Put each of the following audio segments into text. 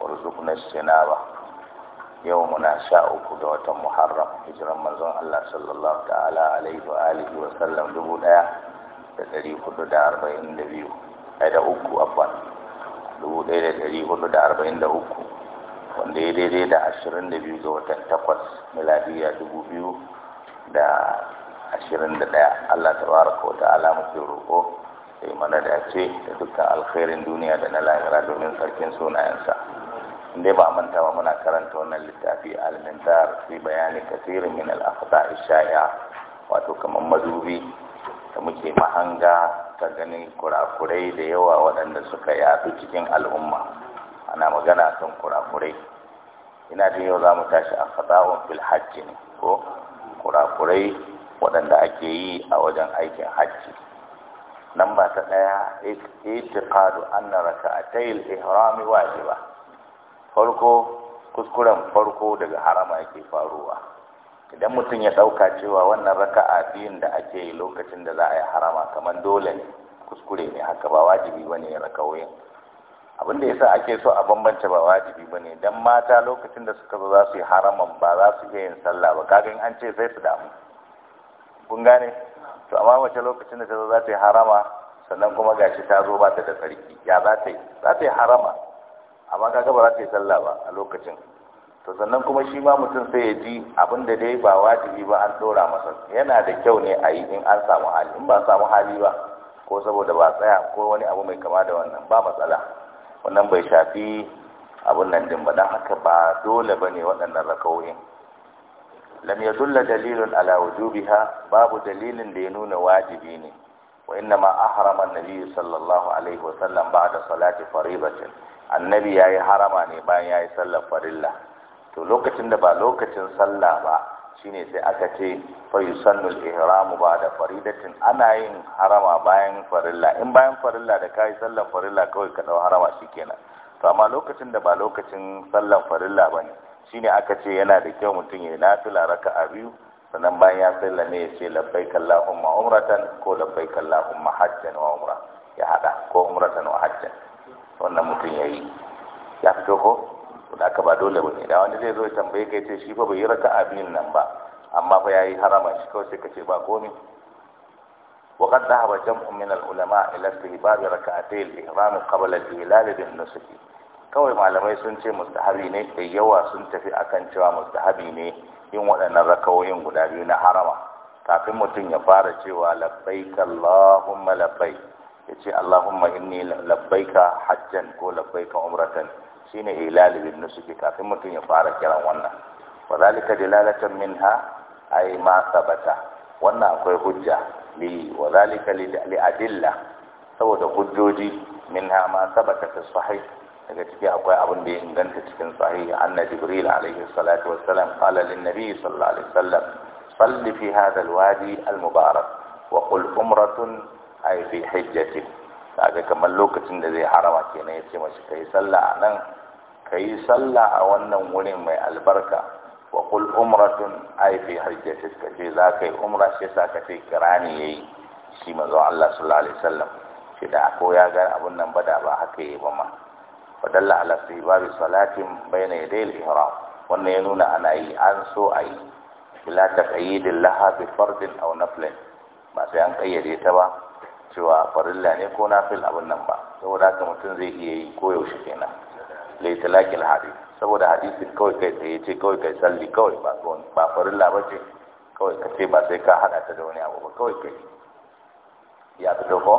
ورزقنا الشناوة yau muna sha uku ga watan muharram hijiran manzon Allah sallallahu ta'ala وآله وسلم دبونا wa sallam dubu daya da dari hudu da arba'in da biyu ɗaya da uku abban dubu ɗaya da dari hudu da arba'in da uku wanda ya daidai da ashirin da biyu ga da ashirin tabaraka wata roƙo sai da dukkan alkhairin duniya da na lahira domin sarkin sunayensa inda ba manta ba muna karanta wannan littafi al fi bayani kasirin min al-akhta' wato kamar madubi da muke mahanga ta ganin kurakurai da yawa waɗanda suka yafi cikin al'umma ana magana kan kurakurai ina jin yau za mu tashi a fatawun fil hajji ne ko kurakurai waɗanda ake yi a wajen aikin hajji nan ba ta ɗaya itiqadu anna raka'atayil ihrami wajiba farko kuskuren farko daga harama yake faruwa idan mutum ya ɗauka cewa wannan raka'a biyun da ake yi lokacin da za a yi harama kamar dole ne kuskure ne haka ba wajibi bane ya rakawoyin abin da yasa ake so a bambance ba wajibi bane dan mata lokacin da suka zo za su yi haraman ba za su iya yin sallah ba kaga an ce sai su damu kun gane to amma mace lokacin da ta zo za ta yi harama sannan kuma gashi ta zo ba ta da sarki ya za ta yi za ta yi harama amma kaga ba za ta yi sallah ba a lokacin to sannan kuma shi ma mutum sai ya ji abin da dai ba wajibi ba an dora masa yana da kyau ne a yi in an samu hali in ba samu hali ba ko saboda ba tsaya ko wani abu mai kama da wannan ba matsala wannan bai shafi abin nan din ba dan haka ba dole ba ne waɗannan rakawoyin lam yadulla dalilun ala wujubiha babu dalilin da ya nuna wajibi ne wa inna ma ahrama an-nabi sallallahu alaihi wa sallam ba'da salati faridatin annabi ya yi harama ne bayan ya yi sallar farilla to lokacin da ba lokacin sallah ba shine sai aka ce sannul ihramu ba da faridatin ana yin harama bayan farilla in bayan farilla da ka yi sallar farilla kawai ka harama harama kenan to amma lokacin da ba lokacin sallar farilla ba ne shine aka ce yana da kyau mutum ya yi. nafila a biyu sannan bayan ya sallar ne ya ce lafai, allahumma ma'umratan ko lafai, allahumma ma'ajjan wa umra ya haɗa, ko umratan wa hajjan wannan mutum ya yi ya fito ko da aka ba dole ba ne da wani zai zo ya tambaye ka ce shi fa bai yi raka abin nan ba amma fa ya yi harama shi kawai sai ka ce ba komi وقد a جمع من da إلى استهباب ركعتي الإحرام قبل na suke. kawai malamai sun ce mustahabi ne da yawa sun tafi akan cewa mustahabi ne yin waɗannan rakawoyin guda biyu na harama kafin mutum ya fara cewa labbaik Allahumma labbaik ya ce Allahumma inni labbaika hajjan ko labbaika umratan shine hilal ibn nusuki kafin mutum ya fara kiran wannan wa zalika dilalatan minha ay ma sabata wannan akwai hujja li wa zalika li adilla saboda hujjoji minha ma sabata fi sahih daga ciki akwai abin da ya inganta cikin sahih anna jibril alaihi salatu wassalam qala lin nabi sallallahu alaihi wasallam salli fi hadha alwadi almubarak wa qul umratun ai fi hajjati kaga kamar lokacin da zai harama kenan ya ce mashi kai sallah a nan kai sallah a wannan wurin mai albarka wa kul umratun ai fi hajjati ce za ka umra shi yasa ka ce kirani yayi shi manzo Allah sallallahu alaihi wasallam shi da ko ya ga abun nan ba da ba haka yi ba ma fadalla ala istihbab salatin bayna yaday al-ihram wannan ya nuna ana yi an so a yi bila taqyidin laha bi fardin aw naflin ba sai an kayyade ta ba cewa farilla ne ko nafil abin nan ba saboda haka mutum zai iya yi ko yaushe kenan laitalakil hadis saboda hadisin kawai kai tsaye ce kawai kai salli kawai ba ba farilla ba ce kawai ka ce ba sai ka hada ta da wani abu ba kawai kai ya fito ko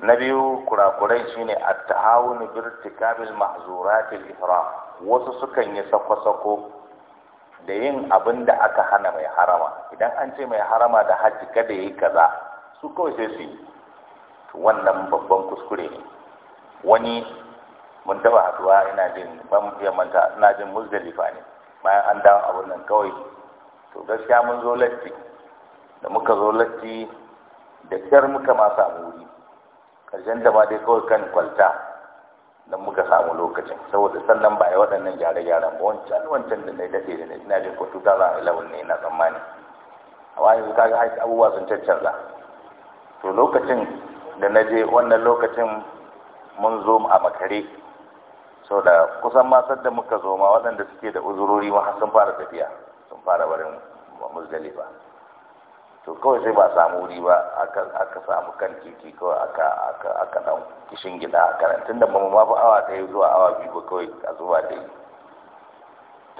na biyu kurakurai ne at-tahawun bi kabil mahzurat al-ihram wasu sukan yi sako-sako da yin abin da aka hana mai harama idan an ce mai harama da hajji kada yi kaza su kawai sai su yi wannan babban kuskure ne wani mun taba haduwa ina jin ban iya manta ina jin muzdalifa ne bayan an dawo abin nan kawai to gaskiya mun zo latti da muka zo latti da kyar muka ma samu wuri karshen da ma dai kawai kan kwalta don muka samu lokacin saboda sannan ba a yi waɗannan gyare-gyaren ba wancan wancan da na yi daɗe da na jin ko 2011 ne na tsammani amma yanzu kaga abubuwa sun caccanza to lokacin da na je wannan lokacin mun zo a makare so da kusan masar da muka zo ma waɗanda suke da uzurori ma sun fara tafiya sun fara barin ba to kawai sai ba samu wuri ba aka samu kan titi kawai aka ɗan kishin gida a karantun da ba mu ma awa awa ɗaya zuwa awa biyu ba kawai a zuwa da yi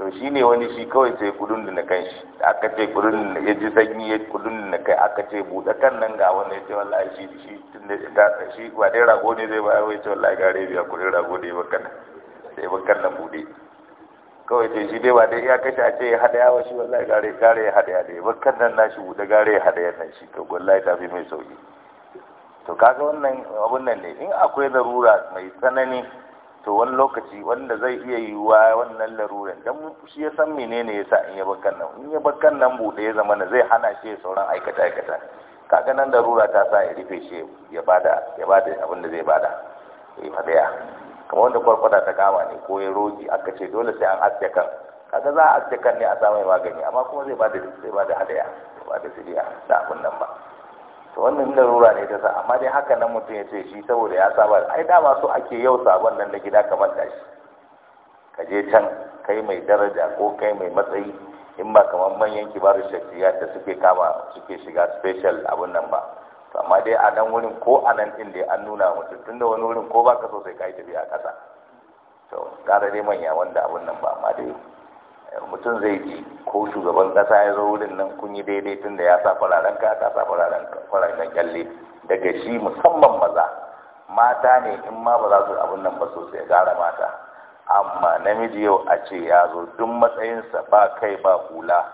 to shi ne wani shi kawai sai kudin da na kan shi aka ce kudin da ya ji sanyi ya kudin da na kai aka ce buɗe kan nan ga wani ya ce wallahi shi shi tun da ta shi ba dai rago ne zai ba ya ce wallahi ga biya kudin rago ne ba kan sai ba kan nan buɗe kawai ce shi dai ba dai ya kashe a ce ya haɗa yawa shi wallahi gare gare ya hada yawa ba kan nan nashi buɗe gare ya haɗa yawa shi to wallahi ta fi mai sauki to kaga wannan abun nan ne in akwai larura mai tsanani to wani lokaci wanda zai iya yiwuwa wannan laruran don shi ya san menene sa in yi bakan nan in yi bakan nan bude ya zama zai hana shi ya sauran aikata aikata kaga nan larura ta sa ya rufe shi ya bada ya bada abin da zai bada yi fadaya kamar wanda kwarkwata ta kama ne ko ya rogi aka ce dole sai an aske kan kaga za a aske kan ne a samun magani amma kuma zai bada zai bada hadaya ba da fidiya da abin nan ba to wannan larura ne ta sa amma dai haka nan mutum ya ce shi saboda ya saba ai dama so ake yau sabon nan na gida kamar shi ka je can kai mai daraja ko kai mai matsayi in ba kamar manyan kibarun shafiya da suke kama suke shiga special abun nan ba to amma dai a nan wurin ko a nan din dai an nuna mutum tunda wani wurin ko ba ka so sai ka yi tafiya a ƙasa to ƙara dai manya wanda abun nan ba amma dai mutum zai ji ko shugaban kasa ya zo wurin nan kun yi daidai tun da ya sa fararen ka ka sa fararen kyalle daga shi musamman maza mata ne in ma ba za su abun nan ba sosai gara mata amma namiji yau a ce ya zo duk matsayinsa ba kai ba hula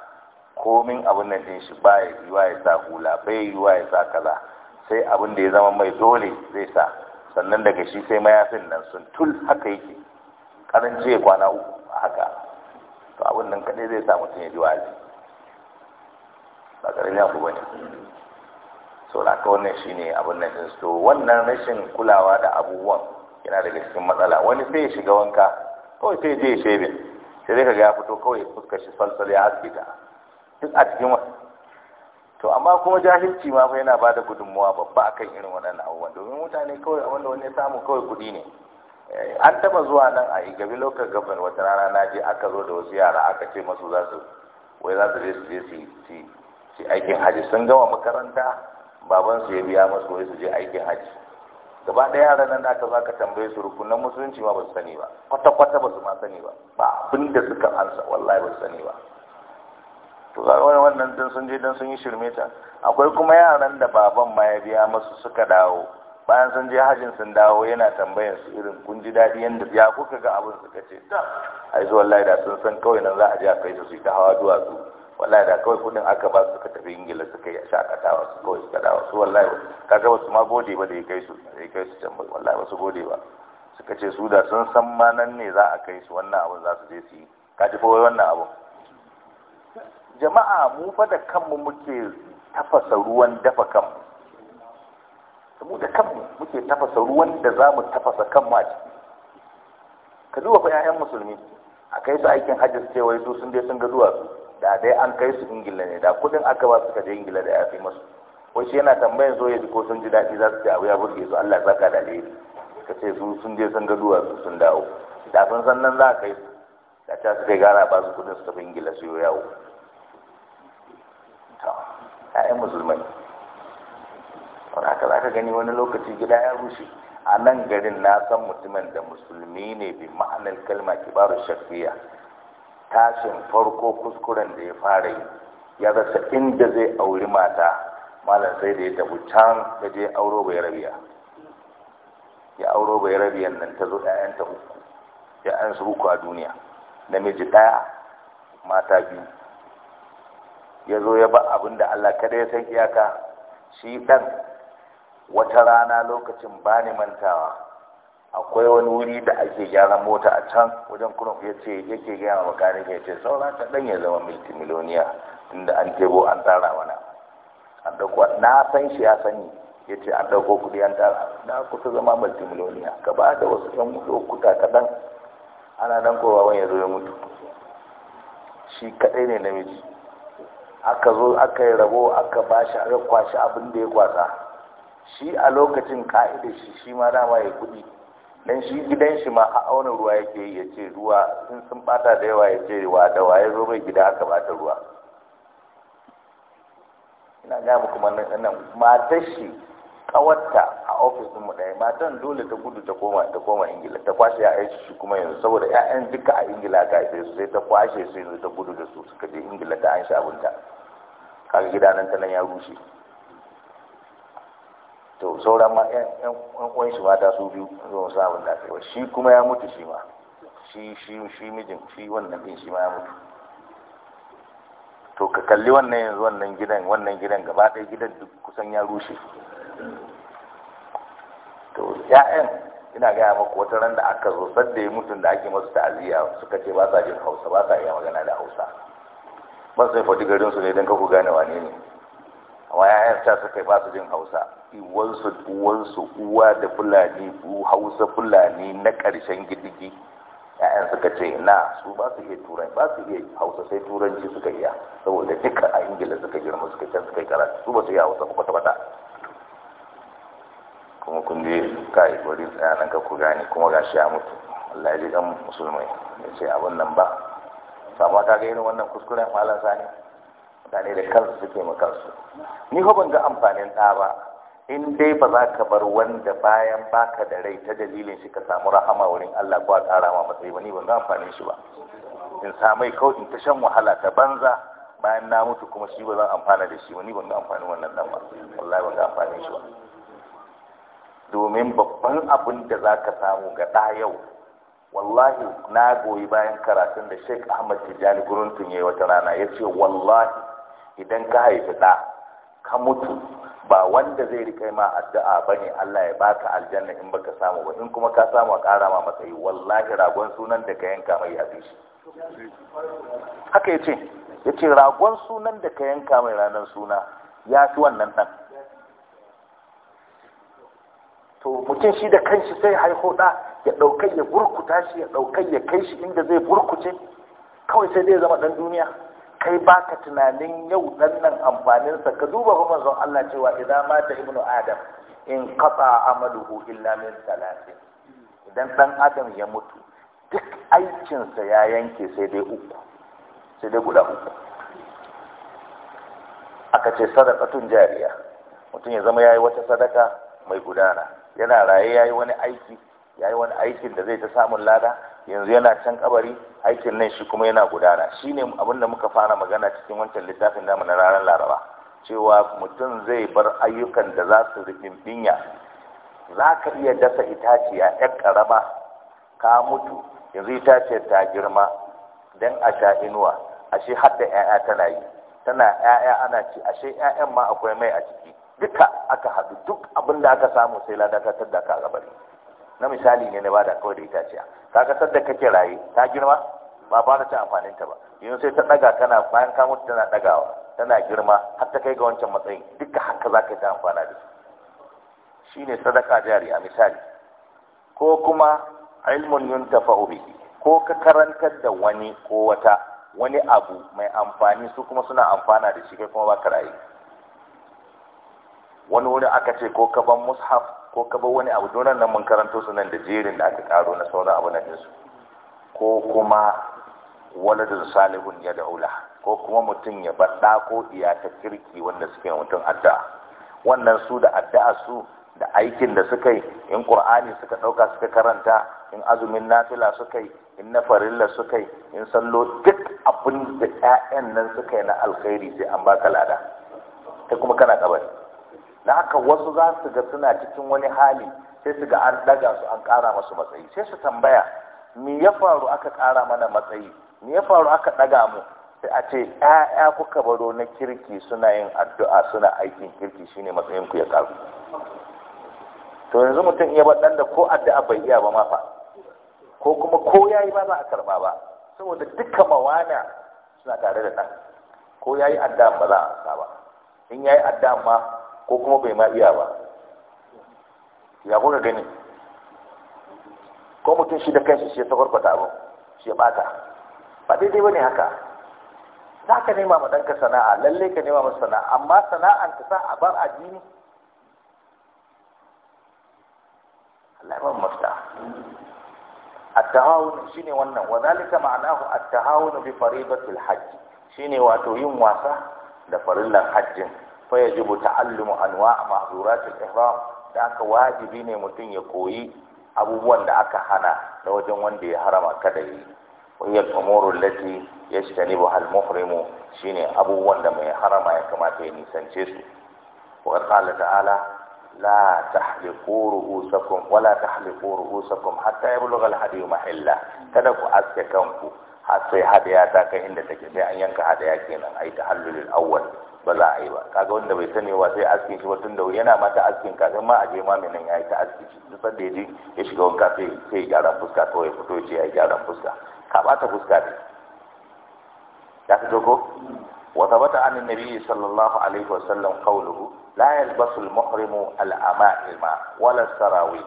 komin abin nan din shi ba ya yiwa ya sa hula bai yiwa ya sa kaza sai abin da ya zama mai dole zai sa sannan daga shi sai mayafin nan sun tul haka yake karanci ya kwana uku haka to abin nan kadai zai sa mutum ya ji wa'azi ba ƙarfin abu ba ne so na ka wannan shi ne abin nan ɗin so. wannan rashin kulawa da abubuwan yana daga cikin matsala wani sai ya shiga wanka kawai sai je ya shebe sai dai ka ga ya fito kawai fuskar shi falsal ya asibita duk a cikin to amma kuma jahilci ma fa yana bada gudunmuwa babba akan irin waɗannan abubuwan domin mutane kawai abin da wani ya samu kawai kuɗi ne an taba zuwa nan a igabi lokacin gabar wata rana na je aka zo da wasu yara aka ce masu za su wai za su je su je su aikin haji sun gama makaranta baban su ya biya masu wai su je aikin haji gaba da yaran nan da aka zaka tambaye su rukunan musulunci ma ba su sani ba kwata kwata ba su ma sani ba ba abin da suka ansa wallahi ba su sani ba to ga wannan don sun je dan sun yi shirme ta akwai kuma yaran da baban ma ya biya masu suka dawo bayan sun je hajjin sun dawo yana tambayar su irin kun ji daɗi yadda ya kuka ga abin suka ce ta yi zuwa wallahi da sun san kawai nan za a je a kai su su yi ta hawa duwatsu wallahi da kawai kudin aka ba su suka tafi ingila suka yi shakatawa su kawai suka dawo su wallahi kaga wasu ma gode ba da ya kai su da ya kai su can wallahi wasu gode ba suka ce su da sun san ma nan ne za a kai su wannan abin za su je su yi ka ji kawai wannan abin jama'a mu fa da kanmu muke tafasa ruwan dafa kanmu mu da kanmu muke tafasa ruwan da za mu tafasa kan ma ciki ka duba fa 'ya'yan musulmi a kai su aikin hajji su wai su sun dai sun ga duwatsu da dai an kai su ingila ne da kudin aka ba su ka je ingila da ya fi masu wai shi yana tambayan zo ya ji ko sun ji daɗi za su ce abu ya burge su allah ka da alheri ka ce su sun je sun ga duwatsu sun dawo da sun san nan za a kai su da ta su kai gara ba su kudin su tafi ingila su yi yawo 'ya'yan musulmai aka za ka gani wani lokaci gida ya rushe a nan garin na san mutumin da musulmi ne bi ma'anar kalma kibaru shafiya tashin farko kuskuren da ya fara yi ya rasa inda zai auri mata malam sai da ya tafi can da je auro bai rabiya ya auro bai rabiyan nan ta zo ɗayan ta uku ya an su uku a duniya namiji ɗaya mata biyu ya zo ya ba abin da Allah kada ya san iyaka shi ɗan wata rana lokacin ba ni mantawa akwai wani wuri da ake gyaran mota a can wajen kurum ya ce yake gaya wa ya ce saura ta dan ya zama miloniya inda an tebo an tara mana an dauko na san shi ya sani ya ce an dauko kudi an tara na kusa zama miloniya ka ba da wasu yan lokuta kaɗan ana nan kowa wani ya zo ya mutu shi kaɗai ne namiji aka zo aka yi rabo aka ba shi aka kwashi abin da ya kwasa shi a lokacin ka'ida shi shi ma dama ya kuɗi dan shi gidan shi ma a auna ruwa yake yi ya ce ruwa in sun bata da yawa ya ce wa da waye zo mai gida aka bata ruwa ina ga muku nan nan matar shi kawarta a ofis mu ɗaya matan dole ta gudu ta koma ta koma ingila ta kwashe ya shi kuma yanzu saboda ƴaƴan duka a ingila ga su sai ta kwashe su yanzu ta gudu da su suka je ingila ta an sha abunta kaga gidanan ta nan ya rushe to sauran ma yan uwan shi mata su biyu zuwa samun abin shi kuma ya mutu shi ma shi shi shi mijin shi wannan din shi ma ya mutu to ka kalli wannan yanzu wannan gidan wannan gidan gaba ɗaya gidan duk kusan ya rushe to ya'yan ina gaya maku wata ran da aka zo sadda ya mutum da ake masu ta'aziyya suka ce ba sa jin hausa ba sa iya magana da hausa ba sai yi garinsu ne don ka ku gane wane ne wa yayan ta suka ba su jin hausa iwansu uwansu uwa da fulani bu hausa fulani na ƙarshen gidigi yayan suka ce na su ba su iya turai ba su iya hausa sai turanci suka iya saboda duka a ingila suka girma suka can suka yi karatu su ba su iya hausa ba kwata-kwata kuma kun je kai bari tsaya nan ka ku gane kuma shi ya mutu Allah ya ji dan musulmai ya ce abin nan ba sama ka ga irin wannan kuskuren malam sani mutane da kansu suke ma kansu ni ko ban ga amfanin ɗa ba in dai ba za ka bar wanda bayan baka da rai ta dalilin shi ka samu rahama wurin Allah ko a ƙara ma matsayi ba ni ban ga amfanin shi ba in samai kawai in ta shan wahala ta banza bayan na mutu kuma shi ba zan amfana da shi ba ni ban ga amfanin wannan ɗan ba wallahi ban ga amfanin shi ba domin babban abin da za ka samu ga ɗa yau wallahi na goyi bayan karatun da Sheikh Ahmad Tijjani tun yi wata rana ya ce wallahi idan ka haifi ɗa ka mutu ba wanda zai rika ma addu'a bane Allah ya baka aljanna in baka samu ba in kuma ka samu a ƙara ma matsayi wallahi ragon sunan da ka yanka mai yafi shi haka yace yace ragon sunan da ka yanka mai ranar suna ya fi wannan ɗan to mutum shi da kanshi sai haiho ɗa ya ɗaukai ya burkuta shi ya ɗaukai ya kai shi inda zai burkuce kawai sai zai zama ɗan duniya kai baka tunanin yau dan nan sa ka duba kuma manzon Allah cewa idan mata ibnu adam in qata amaluhu illa min salati idan dan adam ya mutu duk aikinsa ya yanke sai dai uku sai dai guda uku aka ce sadakatun jariya mutum ya zama yayi wata sadaka mai gudana yana raye yayi wani aiki yayi wani aikin da zai ta samun lada yanzu yana can kabari aikin nan shi kuma yana gudana shine abin da muka fara magana cikin wancan littafin namu na ranar laraba cewa mutum zai bar ayyukan da za su rikimbinya za ka iya dasa itaciya yar karaba ka mutu yanzu itaciyar ta girma don a sha inuwa ashe har da 'ya'ya tana yi tana 'ya'ya ana ci ashe 'ya'yan ma akwai mai a ciki duka aka haɗu duk abin da aka samu sai ladakatar da ka gabari na misali ne na bada kawai da itaciya ga sadda kake raye ta girma ba ba ta amfanin ta ba yanzu sai ta daga kana bayan ka mutu tana dagawa tana girma har ta kai ga wancan matsayin duka haka za ka yi ta amfana da su shine sadaka jari a misali ko kuma ilmun yuntafa'u bihi ko ka karantar da wani ko wata wani abu mai amfani su kuma suna amfana da shi kai kuma ba ka raye wani wuri aka ce ko ka ban mushaf ko ka bar wani abu donan nan mun karanto su nan da jerin da aka karo na sauran abu na dinsu ko kuma waladun salihun ya da'ula ko kuma mutum ya bar ko iya ta kirki wanda suke mutum addu'a wannan su da addu'a su da aikin da suka yi in ƙur'ani suka ɗauka suka karanta in azumin nafila suka yi in na farilla suka yi in sallo duk abin da 'ya'yan nan suka yi na alkhairi sai an baka lada ta kuma kana kabari da haka wasu za su ga suna cikin wani hali sai su ga an daga su an kara masu matsayi sai su tambaya me ya faru aka ƙara mana matsayi me ya faru aka daga mu sai a ce ƴaƴa kuka baro na kirki suna yin addu'a suna aikin kirki shine matsayin ku ya karu? to yanzu mutum iya baɗan da ko addu'a bai iya ba ma fa ko kuma ko yayi ba za a karba ba saboda duka mawana suna tare da ɗan ko yayi addu'a ba za a ba in yayi addu'a ma ko kuma bai ma iya ba ya kuka gani ko mutum shi da kansa shi ya sakwarkwata abu shi ya bata ba daidai ba ne haka za ka nema ma ɗanka sana'a lallai ka nema masa sana'a amma sana'an ka sa a bar addini Allah ya mafita at-tahawun shine wannan wa zalika ma'anahu at-tahawun bi faridatil hajj shine wato yin wasa da farillan hajjin fa yajibu ta'allumu anwa' a al-ihram da aka wajibi ne mutum ya koyi abubuwan da aka hana da wajen wanda ya harama kada yi wahiyar umuru lati ya shi tanibu al-muhrimu shine abubuwan da mai harama ya kamata ya nisance su wa qala ta'ala la tahliqu ru'usakum wa la tahliqu ru'usakum hatta ya al mahilla kada ku aske kanku har sai hadaya ta kai inda take sai an yanka hadaya kenan ai tahallulul awwal ba za a yi ba kaga wanda bai sani ba sai askin shi tun da yana mata askin kaga ma a je ma mai nan ya yi ta aski shi duk da ya je ya shiga wanka sai sai ya gyara fuska to ya fito ya yi gyara fuska ka bata fuska ne ya fito ko wa thabata an nabi sallallahu alaihi wa sallam qawluhu la yalbasu al muhrimu al ama'ima wala sarawi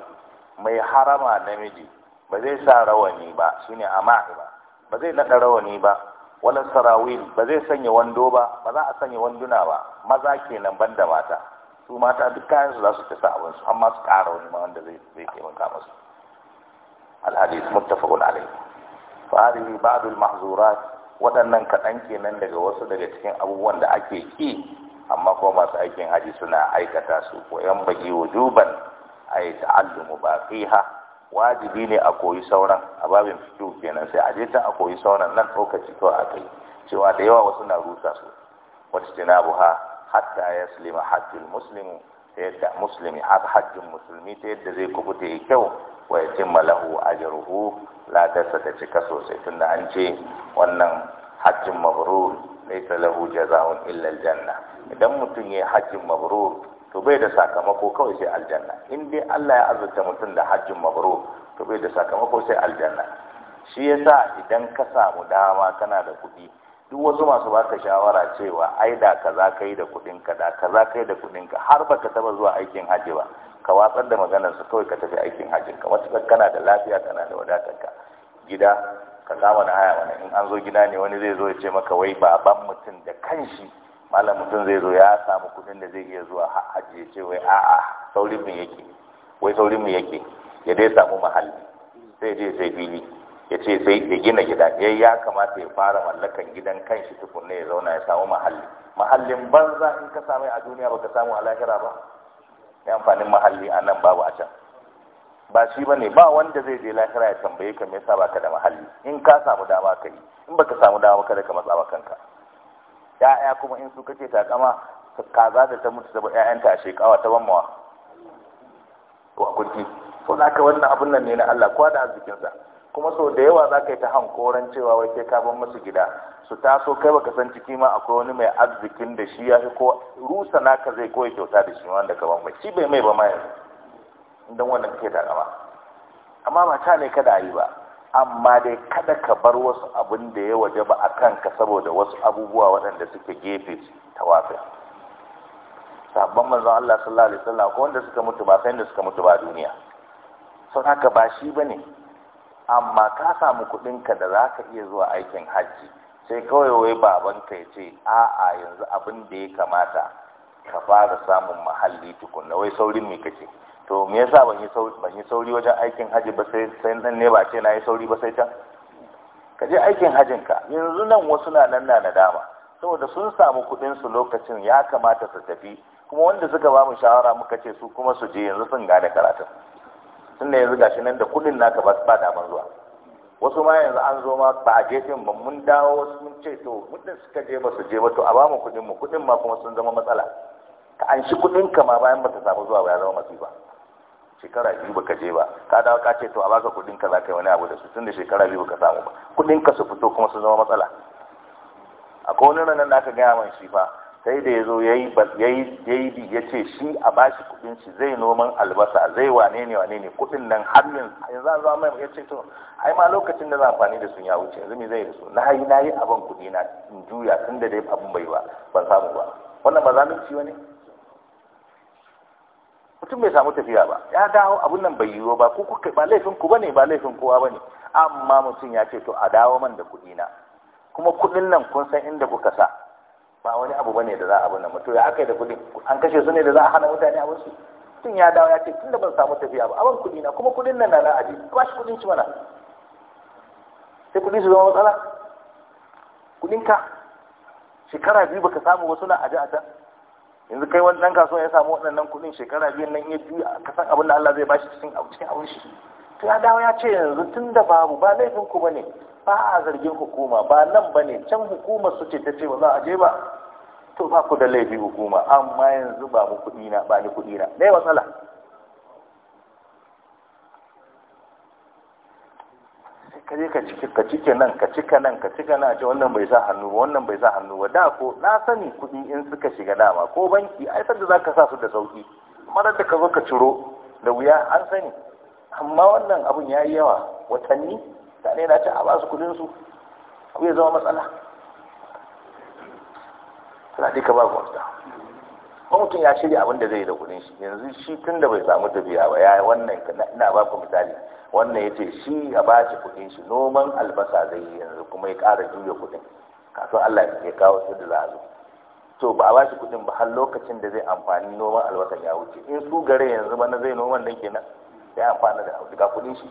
mai harama namiji ba zai sa rawani ba shine ama'ima ba zai nada rawani ba wala sarawil ba zai sanya wando ba ba za a sanya wanduna ba maza kenan banda mata su mata duk kayan su za su kisa abin su amma su ƙara wani ma wanda zai taimaka musu alhadis muttafaqun alai fa hadhihi ba'd al-mahzurat waɗannan kaɗan kenan daga wasu daga cikin abubuwan da ake ki amma kuma masu aikin haji suna aikata su ko yan bagi wujuban ay ta'allumu baqiha wajibi ne a koyi sauran a babin fito kenan sai a je ta a koyi sauran nan lokaci to a kai cewa da yawa wasu na rusa su wata tinabu ha hatta ya sulima hajjin musulmi ta yadda musulmi har hajjin musulmi ta yadda zai kubuta ya kyau wa ya cimma a ajruhu ladarsa ta cika sosai tunda an ce wannan hajjin mabrur laysa lahu jazawun illal janna, idan mutum yayi hajjin mabrur to bai da sakamako kawai sai aljanna in dai Allah ya azurta mutum da hajjin mabro to bai da sakamako sai aljanna shi yasa idan ka samu dama kana da kuɗi duk wasu masu baka shawara cewa ai da kaza kai da kuɗin ka da kaza kai da kuɗin ka har baka taba zuwa aikin hajji ba ka watsar da maganar su kawai ka tafi aikin hajjin ka wata kana da lafiya kana da wadatar ka gida ka kama na haya wani in an zo gida ne wani zai zo ya ce maka wai baban mutum da kanshi malam mutum zai zo ya samu kudin da zai iya zuwa hajji ya ce wai a'a saurin mu yake wai saurin mu yake ya dai samu mahalli sai je sai fili ya ce sai ya gina gida yayi eh, ya kamata ya fara mallakan gidan kanshi tukunna ya zauna ya samu mahalli mahallin banza in ka samu a duniya baka samu a lahira ba ya amfanin mahalli a nan babu a can ba shi bane ba wanda zai je lahira ya tambaye ka me yasa baka da mahalli in ka samu dama ka yi in baka samu dama kada ka matsa kanka ya'ya kuma in su kake takama kaza da ta mutu saboda 'ya'yanta a shekawa ta bammawa wa kuki so ka wannan abun nan ne na Allah kwa da arzikinsa kuma sau da yawa za ka yi ta hankoran cewa wai ke ka ban musu gida su taso kai baka san ciki ma akwai wani mai arzikin da shi ya fi ko rusa naka zai koyi kyauta da shi wanda ka ban mai shi bai mai ba ma yanzu don wannan kake takama amma ba ta ne kada a yi ba amma dai kada ka bar wasu abin da ya waje ba a kanka saboda wasu abubuwa waɗanda suke gefe tawafi sabon manzon Allah sallallahu alaihi wasallam ko wanda suka mutu ba sai da suka mutu ba duniya sun haka ba shi bane amma ka samu kuɗin ka da za ka iya zuwa aikin hajji sai kawai wai babanka ya ce a'a yanzu abin da ya kamata ka fara samun mahalli tukunna wai saurin me kake to me yasa ban yi sauri ban yi sauri wajen aikin haji ba sai sai nan ne ba ce na yi sauri ba sai can ka je aikin hajin ka yanzu nan wasu na nan na nadama saboda sun samu kuɗin su lokacin ya kamata su tafi kuma wanda suka ba mu shawara muka ce su kuma su je yanzu sun gane karatun tunda yanzu gashi nan da kuɗin naka ba ba daman zuwa wasu ma yanzu an zo ma ba a gefen ba mun dawo wasu mun ce to mutum suka je ba su je ba to a ba mu kuɗin mu kuɗin ma kuma sun zama matsala ka an shi kuɗin ka ma bayan ba ta samu zuwa ba ya zama masifa shekara biyu baka je ba ka dawo ka ce to a baka kudin ka zaka yi wani abu da su tun da shekara biyu baka samu ba kudin ka su fito kuma su zama matsala akwai wani ranar da aka gaya man shi fa sai da ya zo ya yi ya ce shi a bashi kudin shi zai noman albasa zai wane ne wane ne kudin nan har yanzu an zama mai ya ce to ai ma lokacin da zan amfani da su ya wuce yanzu me zai da su na yi na yi abin kudi na in juya tun dai abin bai ba ban samu ba wannan ba za mu ci wani mutum bai samu tafiya ba ya dawo abun nan bai yiwu ba ku kuka ba laifin ku bane ba laifin kowa bane amma mutum ya ce to a dawo man da kuɗi na kuma kuɗin nan kun san inda kuka sa ba wani abu bane da za a abun nan mutum ya aka da kuɗi an kashe su ne da za a hana mutane abun su mutum ya dawo ya ce tunda ban samu tafiya ba abin kuɗi na kuma kuɗin nan na na aje ba shi kuɗin ci mana sai kuɗi su zama matsala kuɗinka shekara biyu baka samu wasu na aje a can yanzu kai wani dan kasuwa ya samu waɗannan kuɗin shekara biyu nan ya biyu ka san abin da Allah zai bashi cikin cikin abin shi to ya dawo ya ce yanzu tun da babu ba laifin ku bane ba a zargin hukuma ba nan bane can hukumar su ce ta ce ba za a je ba to ba ku da laifi hukuma amma yanzu ba mu kuɗi na ba ni kuɗi na dai matsala ka je ka cike ka cike nan ka cika nan ka cika nan ce wannan bai sa hannu ba wannan bai sa hannu ba da ko na sani kuɗi in suka shiga dama ko banki ai sanda za ka sa su da sauki marar da ka zo ka ciro da wuya an sani amma wannan abun ya yi yawa watanni da ne na ci a basu kuɗin su ku zama matsala tana duka ba gwamnati mutum ya shirya abin da zai da kuɗin shi yanzu shi tun da bai samu tafiya ba ya wannan ina ba ku misali wannan ya ce shi a ba shi kuɗin shi noman albasa zai yi yanzu kuma ya ƙara juya kuɗin kasuwar Allah ya kawo su da za a zo to ba a ba shi kuɗin ba har lokacin da zai amfani noman albasa ya wuce in su gare yanzu bana zai noman nan kenan sai amfana da ga kuɗin shi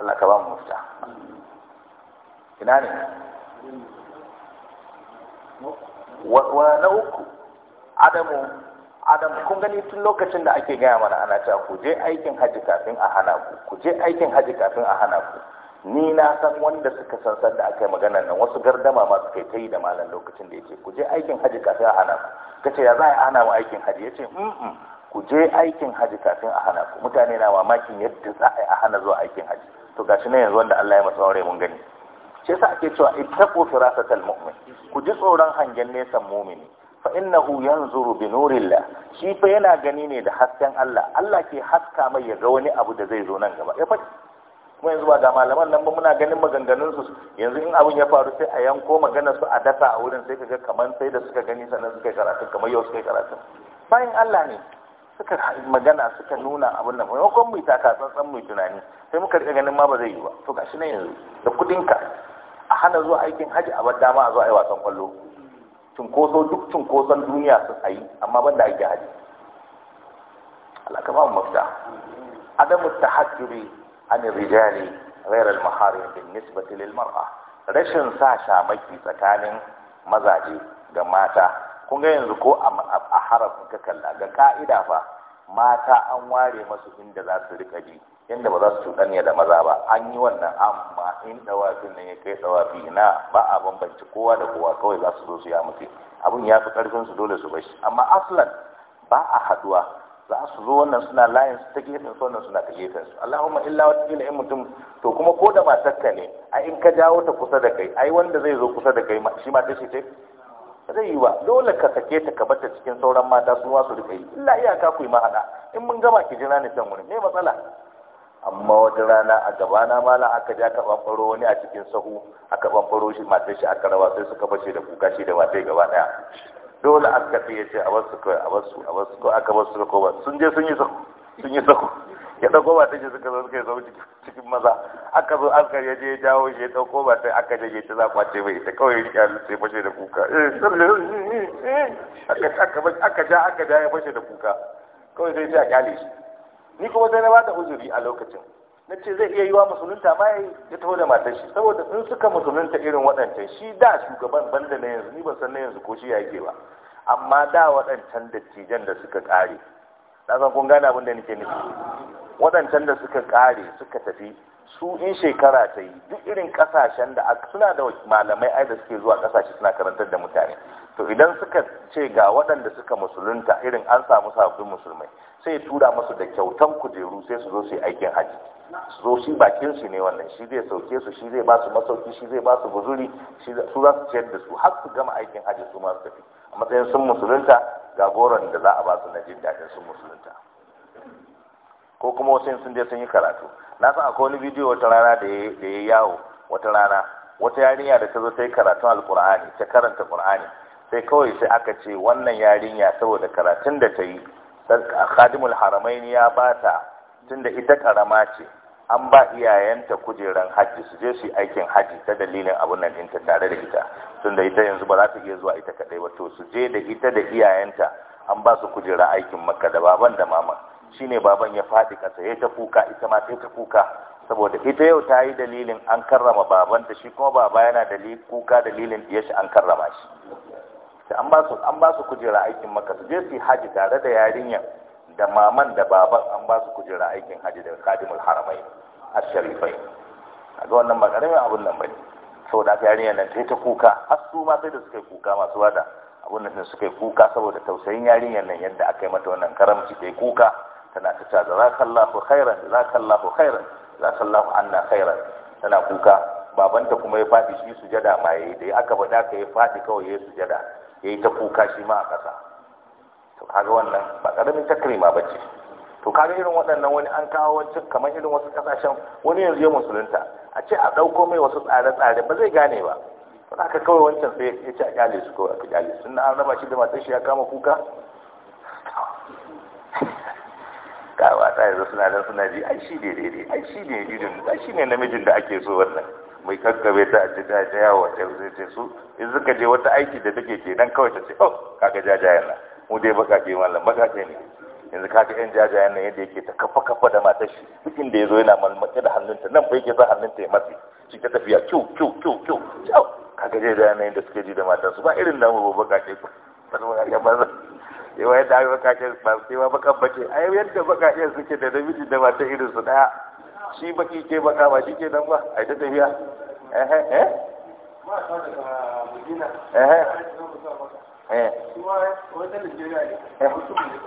Allah ka ba mu mafita ina ne wa na uku adamu adam kun gani tun lokacin da ake gaya mana ana cewa ku je aikin haji kafin a hana ku ku je aikin haji kafin a hana ku ni na san wanda suka san san da aka yi maganar nan wasu gardama ma suka ta yi da malam lokacin da yake ku je aikin haji kafin a hana ku Ka ce ya za a hana mu aikin haji yace ku je aikin haji kafin a hana ku mutane na mamakin yadda za a hana zuwa aikin haji to gashi ne yanzu wanda Allah ya masa aure mun gani shi yasa ake cewa ittaqu firasatal mu'min ku ji tsoron hangen nesan mu'mini fa innahu yanzuru bi nurillah shi fa yana gani ne da hasken Allah Allah ke haska mai ya ga wani abu da zai zo nan gaba ya faɗi kuma yanzu ba ga malaman nan ba muna ganin maganganun su yanzu in abin ya faru sai a yanko maganar su a dasa a wurin sai kaga kaman sai da suka gani sannan suka karatu kamar yau suka karatu bayan Allah ne suka magana suka nuna abin nan maimakon mu ta san mu tunani sai muka riga ganin ma ba zai yi ba to gashi ne yanzu da kudin ka a hana zuwa aikin hajji a bada dama a zo a yi wasan kwallo cunkoso duk cunkoson duniya sun a yi amma banda aikin hajji ba mu mafita adamu ta tahajjuri an rijali rairar mahari bin nisbati lil mar'a rashin sa shamaki tsakanin mazaje ga mata kun yanzu ko a harafin ka kalla ga ka'ida fa mata an ware masu inda za su rika bi inda ba za su cuɗanya da maza ba an yi wannan amma in ɗawafin nan ya kai ɗawafi na ba a bambanci kowa da kowa kawai za su zo su ya mutu abin ya fi ƙarfin su dole su bashi amma aslan ba a haduwa za su zo wannan suna layin su ta gefen su wannan suna ta gefen su Allahumma illa wa in mutum to kuma ko da matarka ne a in ka jawo ta kusa da kai ai wanda zai zo kusa da kai shi ma ta ce zai yi wa dole ka sake ta ka bata cikin sauran mata su wasu rufe rika yi illa iyaka ku yi mahaɗa in mun gama ki jira ni can wurin me matsala amma wata rana a gabana malam aka ja ka bambaro wani a cikin sahu aka bambaro shi matar shi aka rawa sai suka fashe da kuka shi da matai gaba daya dole aka ya ce a wasu ko a wasu a wasu ko aka wasu ko ba sun je sun yi sahu sun yi sahu ya dauko ba sai suka zo suka zo cikin maza aka zo askar ya je ya jawo shi ya dauko ba sai aka je ta za kwace bai ta kawai ya sai fashe da kuka eh, eh, eh, aka ja aka ja ya fashe da kuka kawai sai ta kyale shi ni kuma sai na bata uzuri a lokacin na ce zai iya yi wa musulunta ma ya taho da matar shi saboda in suka musulunta irin waɗancan shi da shugaban banda na yanzu ni ban san na yanzu ko shi ya yake ba amma da waɗancan dattijan da suka ƙare na san kun gane abin da nake nufi waɗancan da suka ƙare suka tafi su in shekara ta yi duk irin ƙasashen da suna da malamai ai da suke zuwa ƙasashe suna karantar da mutane to idan suka ce ga waɗanda suka musulunta irin an samu sabbin musulmai sai ya tura musu da kyautan kujeru sai su zo su yi aikin haji su zo shi bakin su ne wannan shi zai sauke su shi zai ba su masauki shi zai ba su guzuri su za su ciyar da su har su gama aikin haji su ma su tafi a matsayin sun musulunta ga goron da za a ba su na jin daɗin sun musulunta ko kuma wasu sun je sun yi karatu na san akwai wani bidiyo wata rana da ya yawo wata rana wata yarinya da ta zo ta yi karatun alkur'ani ta karanta qur'ani sai kawai sai aka ce wannan yarinya saboda karatun da ta yi khadimul haramain ya bata tunda ita karama ce an ba iyayenta kujeran hajji su je su yi aikin hajji ta dalilin abun nan ɗinta tare da ita tunda ita yanzu ba za ta iya zuwa ita kaɗai ba to su je da ita da iyayenta an ba su kujera aikin makka da baban da mama shine baban ya faɗi ƙasa ya ta kuka ita ma sai ta kuka saboda ita yau ta yi dalilin an karrama baban ta, shi kuma baba yana dalilin kuka dalilin ya shi an karrama shi an ba su an ba su kujera aikin maka su je su yi haji tare da yarinyar da maman da baban an ba su kujera aikin haji daga kadimul haramai asharifai sharifai a ga wannan ba abun nan bane saboda aka yarinyar nan ta kuka har su ma sai da suka yi kuka masu wada abun nan suka yi kuka saboda tausayin yarinyar nan yadda aka yi mata wannan karamci ta kuka tana ta ta jazakallahu khairan jazakallahu khairan kallafu anna khairan tana kuka babanta kuma ya faɗi shi sujada ma yayi dai aka bada ka ya faɗi kawai ya sujada yayi ta kuka shi ma a ƙasa to kaga wannan ba karamin takrima bace to kaga irin waɗannan wani an kawo wancan kamar irin wasu ƙasashen wani yanzu ya musulunta a ce a ɗauko mai wasu tsare-tsare ba zai gane ba to aka kawai wancan sai ya ce a kyale su ko a kyale su na an raba shi da matar shi ya kama kuka kawa ta yanzu suna nan suna ji ai shi ne daidai ai shi ne gidan ai shi ne namijin da ake so wannan mai kakkabe ta a cikin ta yawo ta zai ce su in suka je wata aiki da take ke nan kawai ta ce oh kaga jajayen nan mu dai ke mallam ke ne yanzu kaga yan jajayen nan yadda yake ta kafa kafa da matar shi duk inda yazo yana malmace da hannunta nan bai ke sa hannunta ya matsi shi ta tafiya kyau kyau kyau kyau kyau kaga jajayen nan yadda suke ji da matar su ba irin namu ba bakake ba ba ya banza cewa yadda aka bakaken ba cewa bakan bace ai yadda bakaken suke da namiji da mata irin su daya shi baki ke baka ba shi ke nan ba ai ta tafiya eh? eh eh eh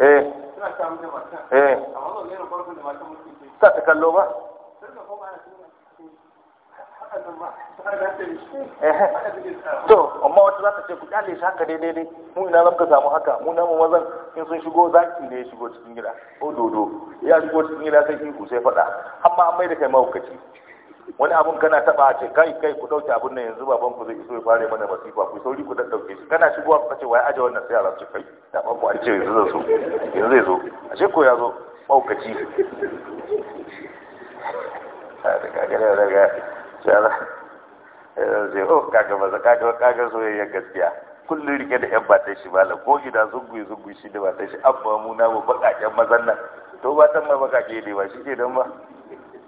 eh eh eh ta kallo ba to amma wata za ta ce ku kyale shi haka daidai ne mu ina zan samu haka mu namu mazan in sun shigo zaki ne ya shigo cikin gida ko dodo ya shigo cikin gida sai ihu sai faɗa amma an mai da kai mahaukaci wani abun kana taba ce kai kai ku dauke abun nan yanzu baban ku zai iso ya fare mana masifa ku sauri ku daddauke shi kana shigowa ku ce wai aje wannan sai a ce kai da ban ku an yanzu zan so yanzu zai zo ce ko ya zo mahaukaci shara eh, sai oh kaga maza kaga kaga soyayyar gaskiya kullum rike da yan batan shi malam ko gida zungu zungu shi da batan shi abba mu na mu bakaken mazan nan to ba batan ma bakake ne ba shi ke dan ba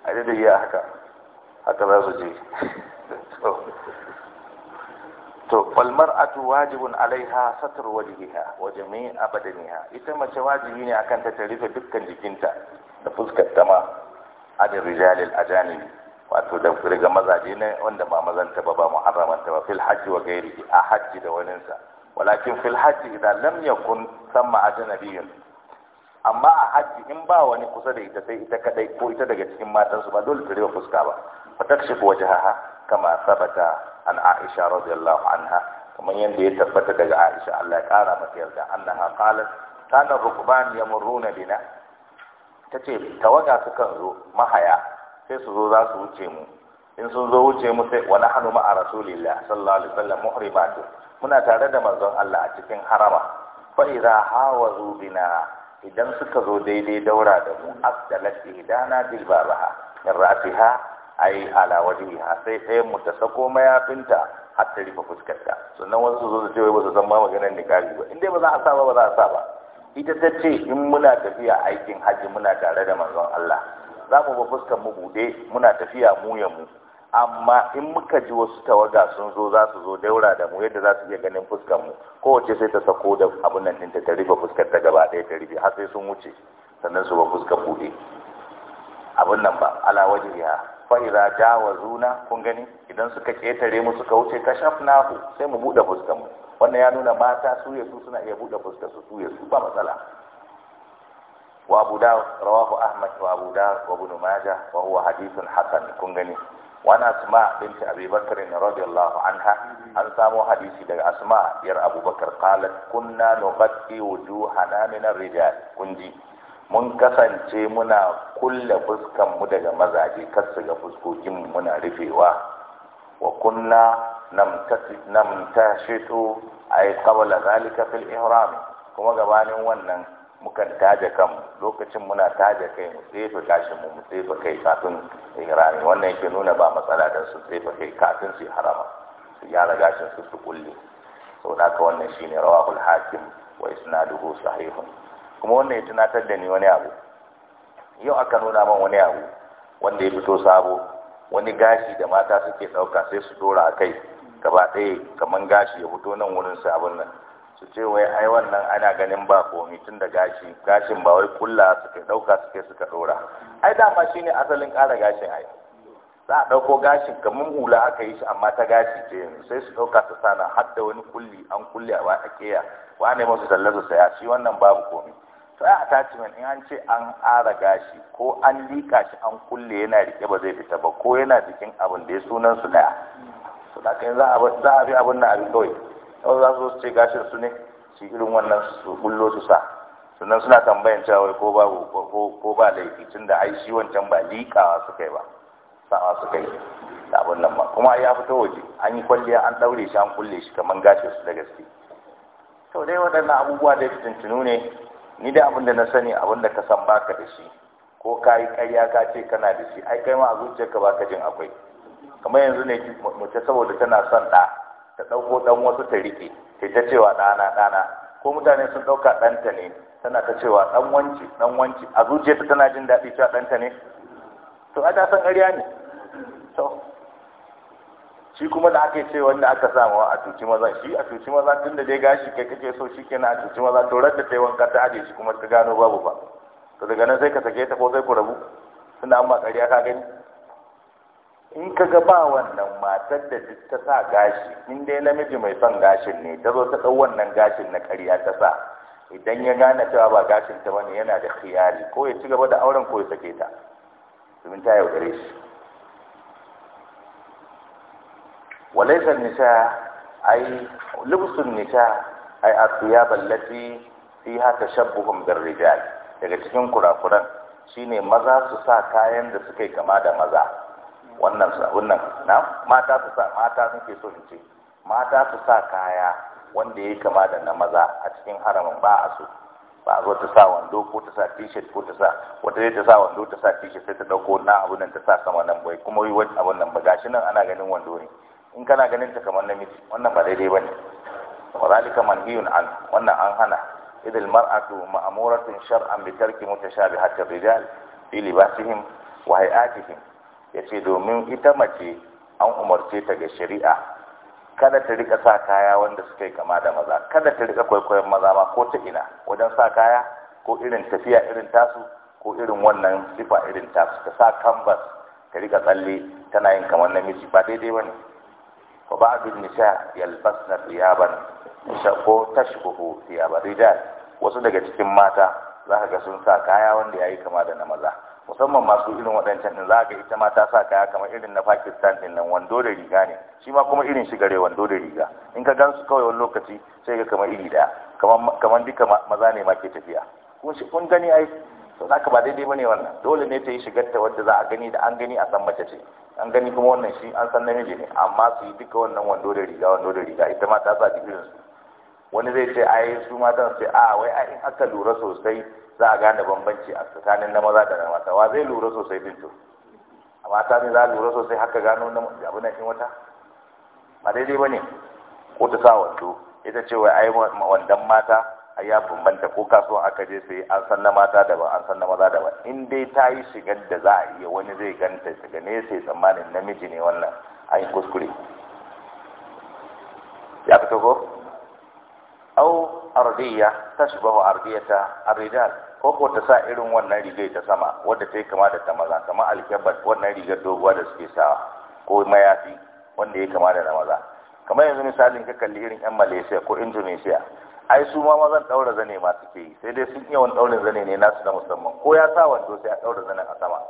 a da ya haka haka za su je to fal mar'atu wajibun alaiha satr wajhiha wa jami'a badaniha ita mace wajibi ne akan ta ta rufe dukkan jikinta da fuskar ta ma adin rijalil ajanibi wato da daga mazaje ne wanda ba mazanta ba ba muharramanta ba fil hajji wa gairi a hajji da waninsa walakin fil hajji idan lam yakun samma ajnabiyyun amma a hajji in ba wani kusa da ita sai ita kadai ko ita daga cikin matansu ba dole ta riba fuska ba fa takshifu wajhaha kama sabata an aisha radiyallahu anha kamar yadda ya tabbata daga aisha Allah ya kara mata yarda annaha qalat kana rukban yamurruna bina tace tawaga sukan zo mahaya sai su zo za su wuce mu in sun zo wuce mu sai wa ma a rasulillah sallallahu alaihi wasallam muhribatu muna tare da manzon Allah a cikin harama fa idza hawazu bina idan suka zo daidai daura da mu asdalat ihdana babaha min ra'atiha ay ala wajhiha sai ɗayan mu ta sako mayafinta har ta rufe fuskarta sannan wasu zo su ce wai ba su san ma maganar nikari ba indai ba za a sa ba ba za a sa ba ita ta ce in muna tafiya aikin hajji muna tare da manzon Allah za mu ba fuskan mu bude muna tafiya mu ya mu amma in muka ji wasu tawaga sun zo za su zo daura da mu yadda za su iya ganin fuskan mu kowace sai ta sako da abin nan ɗinta ta rufe fuskar ta gaba ɗaya ta rufe har sai sun wuce sannan su ba fuskar bude abin nan ba ala ya fa wa zuna kun gani idan suka ƙetare mu suka wuce ka ku, sai mu buɗe fuskar mu wannan ya nuna mata su ya su suna iya buɗe fuskar su su su ba matsala wa abu da rawahu ahmad wa abu da wa wa huwa hadithun hasan kun gani wa asma binti abi na radhiyallahu anha an samo hadisi daga asma yar Abubakar bakr qalat kunna nuqti wujuhana min ar-rijal kun ji mun kasance muna kulle fuskan mu daga mazaje, kasa ga fuskokin na muna rufewa wa kunna nam tasit nam tashitu ay qabla zalika fil ihram kuma gabanin wannan mukan taje kan lokacin muna taje kai mu tsefe gashin mu mu tsefe kai kafin ihrami wannan yake nuna ba matsala dan su tsefe kai kafin su harama su gyara gashin su su kulle sau da ka wannan shine rawahul hakim wa isnaduhu sahihun kuma wannan ya tunatar da ni wani abu yau aka nuna man wani abu wanda ya fito sabo wani gashi da mata suke ɗauka sai su dora kai gaba ɗaya kamar gashi ya fito nan wurin sabon nan su ce wai ai wannan ana ganin ba komi tun da gashi gashin ba wai kulla suka dauka suke suka dora ai dama shine asalin kara gashin ai za a dauko gashin kamar hula aka yi shi amma ta gashi ce sai su dauka su sana har da wani kulli an kulle a ba a keya wa ne su talla su saya shi wannan babu komi to ai attachment in an ce an ara gashi ko an liƙa shi an kulle yana rike ba zai fita ba ko yana jikin abin da ya sunan su daya so da za a bi abin nan abin kawai yau za su ce gashin su ne su irin wannan su bullo su sa sannan suna tambayan cewa ko ba ko ba laifi tun da ai shi wancan ba liƙawa su kai ba sa'a su kai da abin nan ba kuma ya fito waje an yi kwalliya an ɗaure shi an kulle shi kamar gashin su da gaske to dai waɗannan abubuwa da tuntunu ne ni da abin da na sani abin da ka san baka da shi ko ka yi ƙarya ka ce kana da shi ai kai ma a zuciyarka ka jin akwai kamar yanzu ne mace saboda tana son ɗa ta ɗauko ɗan wasu ta rike ta ta cewa ɗana ɗana ko mutane sun ɗauka ɗanta ne tana ta cewa ɗan wanci ɗan wanci a zuciyarta tana jin daɗi cewa ɗanta ne to a ta san ƙarya ne to shi kuma da aka ce wanda aka samu a cuci maza shi a cuci maza tun da dai gashi kai kake so shi kenan a cuci maza to radda ta yi wanka ta ajiye shi kuma ta gano babu ba to daga nan sai ka sake ta ko sai ku rabu tunda amma ƙarya ka gani in ka ga ba wannan matar da duk ta sa gashi in dai namiji mai son gashin ne ta zo ta ɗau wannan gashin na ƙarya ta sa idan ya gane cewa ba gashin ta bane yana da khiyari ko ya ci gaba da auren ko ya sake ta domin ta yaudare shi walaisa nisa ai lubsun nisa ai athiyab allati fi haka bir rijal daga cikin kurakuran shine maza su sa kayan da suka yi kama da maza wannan wannan na mata su sa mata ke so in ce mata su sa kaya wanda ya kama da na maza a cikin haramin ba a so ba zo ta sa wando ko ta sa t-shirt ko ta sa wata zai ta sa wando ta sa t-shirt sai ta dauko na abun nan ta sa sama nan bai kuma yi wani abun nan ba gashi nan ana ganin wando ne in kana ganin ta kamar namiji wannan ba daidai bane wa zalika manhiyun an wannan an hana idil mar'atu ma'muratun shar'an bi tarki mutashabihat ar-rijal fi libasihim wa hay'atihim ya ce domin ita mace an umarce ta ga shari'a kada ta rika sa kaya wanda suka yi kama da maza kada ta rika kwaikwayon maza ma ko ta ina wajen sa kaya ko irin tafiya irin tasu ko irin wannan sifa irin tasu ta sa canvas ta rika tsalle tana yin kamar namiji ba daidai ba ne wa ba'dun nisa yalbasna thiyaban ko tashbuhu thiyaban rijal wasu daga cikin mata za ka ga sun sa kaya wanda ya yi kama da na maza musamman masu irin waɗancan din za ga ita ma ta sa kaya kamar irin na Pakistan din nan wando da riga ne shi ma kuma irin shi gare wando da riga in ka gansu kawai wani lokaci sai ga kamar iri daya kamar kamar duka maza ne ma ke tafiya kun shi kun gani ai to zaka ba daidai bane wannan dole ne ta yi shigar ta wadda za a gani da an gani a san mace ce an gani kuma wannan shi an san namiji ne amma su yi duka wannan wando da riga wando da riga ita ma ta sa irin su wani zai ce ai su matan sai a ah, wai in aka lura sosai za a gane bambanci a tsakanin na maza da na mata wa zai lura sosai bintu a mata ne za a lura sosai haka gano na abu na shin wata ba daidai ba ne ko ta sa wando ita ce wai ai wandan mata a ya bambanta ko kasuwa aka je sai an san na mata daban an san na maza daban in dai ta yi shigar da za a iya wani zai ganta shiga, ne sai tsammanin namiji ne wannan a yi kuskure ya fito ko au ardiya ardiya ta arrijal ko ko ta sa irin wannan rigar ta sama wadda ta yi kama da ta maza kamar alkebat wannan rigar doguwa da suke sawa ko mayafi wanda ya kama da na kamar yanzu misalin ka kalli irin yan malaysia ko indonesia ai su ma mazan daura zane ma suke yi sai dai sun iya wani daura zane ne nasu na musamman ko ya sa wando sai a daura zanen a sama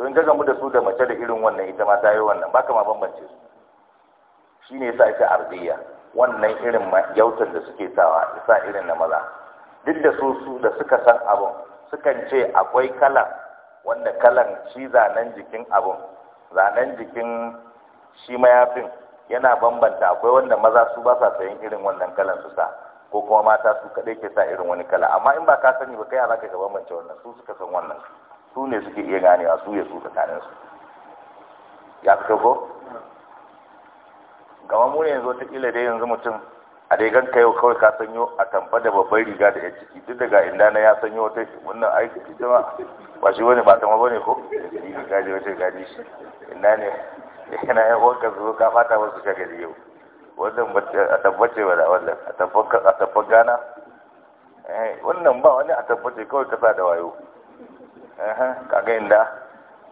to in ka gamu da su da mace da irin wannan ita ma ta yi wannan baka ma bambance su shine yasa ita ardiya wannan irin yautar da suke sawa isa irin na maza duk da su su da suka san abun sukan ce akwai kala wanda kalan shi zanen jikin abun zanen jikin shi mayafin yana bambanta akwai wanda maza su ba sa sayan irin wannan kalan su sa ko kuma mata su kadai ke sa irin wani kala amma in ba ka sani ba kai zaka ka bambance wannan su suka san wannan su ne suke iya ganewa su ya su tsakaninsu ya fito ko kamar mu ne yanzu wataƙila dai yanzu mutum a dai gan kai kawai ka sanyo a tamfa da babbar riga da ya ciki duk daga inda na ya sanyo wata wannan aiki ita ma ba shi wani ba ta ba ne ko ni gaji wata gaji shi inda ne yana yan wanka zuwa ka fata ba su gaji yau wannan a tabbace ba da wannan a tabbar gana eh, wannan ba wani a tabbace kawai ka sa da wayo kaga inda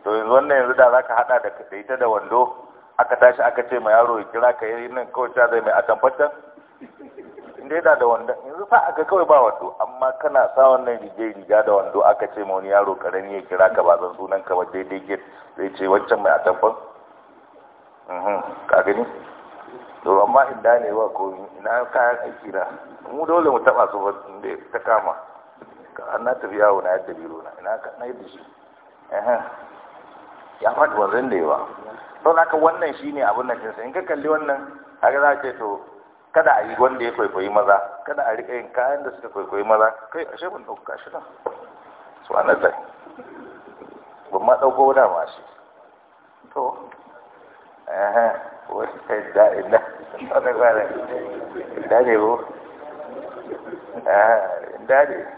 to yanzu wannan yanzu da za ka hada da ita da wando aka tashi aka ce ma yaro ya kira ka yi nan kawai ta zai mai a tamfatar inda yana da wanda yanzu fa aka kawai ba wando amma kana sa wannan rige riga da wando aka ce ma wani yaro karami ya kira ka ba zan sunan ka ba daidai gate zai ce waccan mai a tamfan mhm, ka gani to amma inda ne wa komi ina kayan aiki na mu dole mu taba su ba ta kama Ka na tafi wani ya yadda biro na ina na da shi ya faɗi wanzan da yawa to haka wannan shi ne abin nan in ka kalli wannan a ga za ce to kada a yi wanda ya kwaikwayi maza kada a riƙa yin kayan da suka kwaikwayi maza kai a shekun ɗauka shi nan su a nazar ban ma ɗauko wada ma shi to eh wani kai da inda da ne ko eh inda ne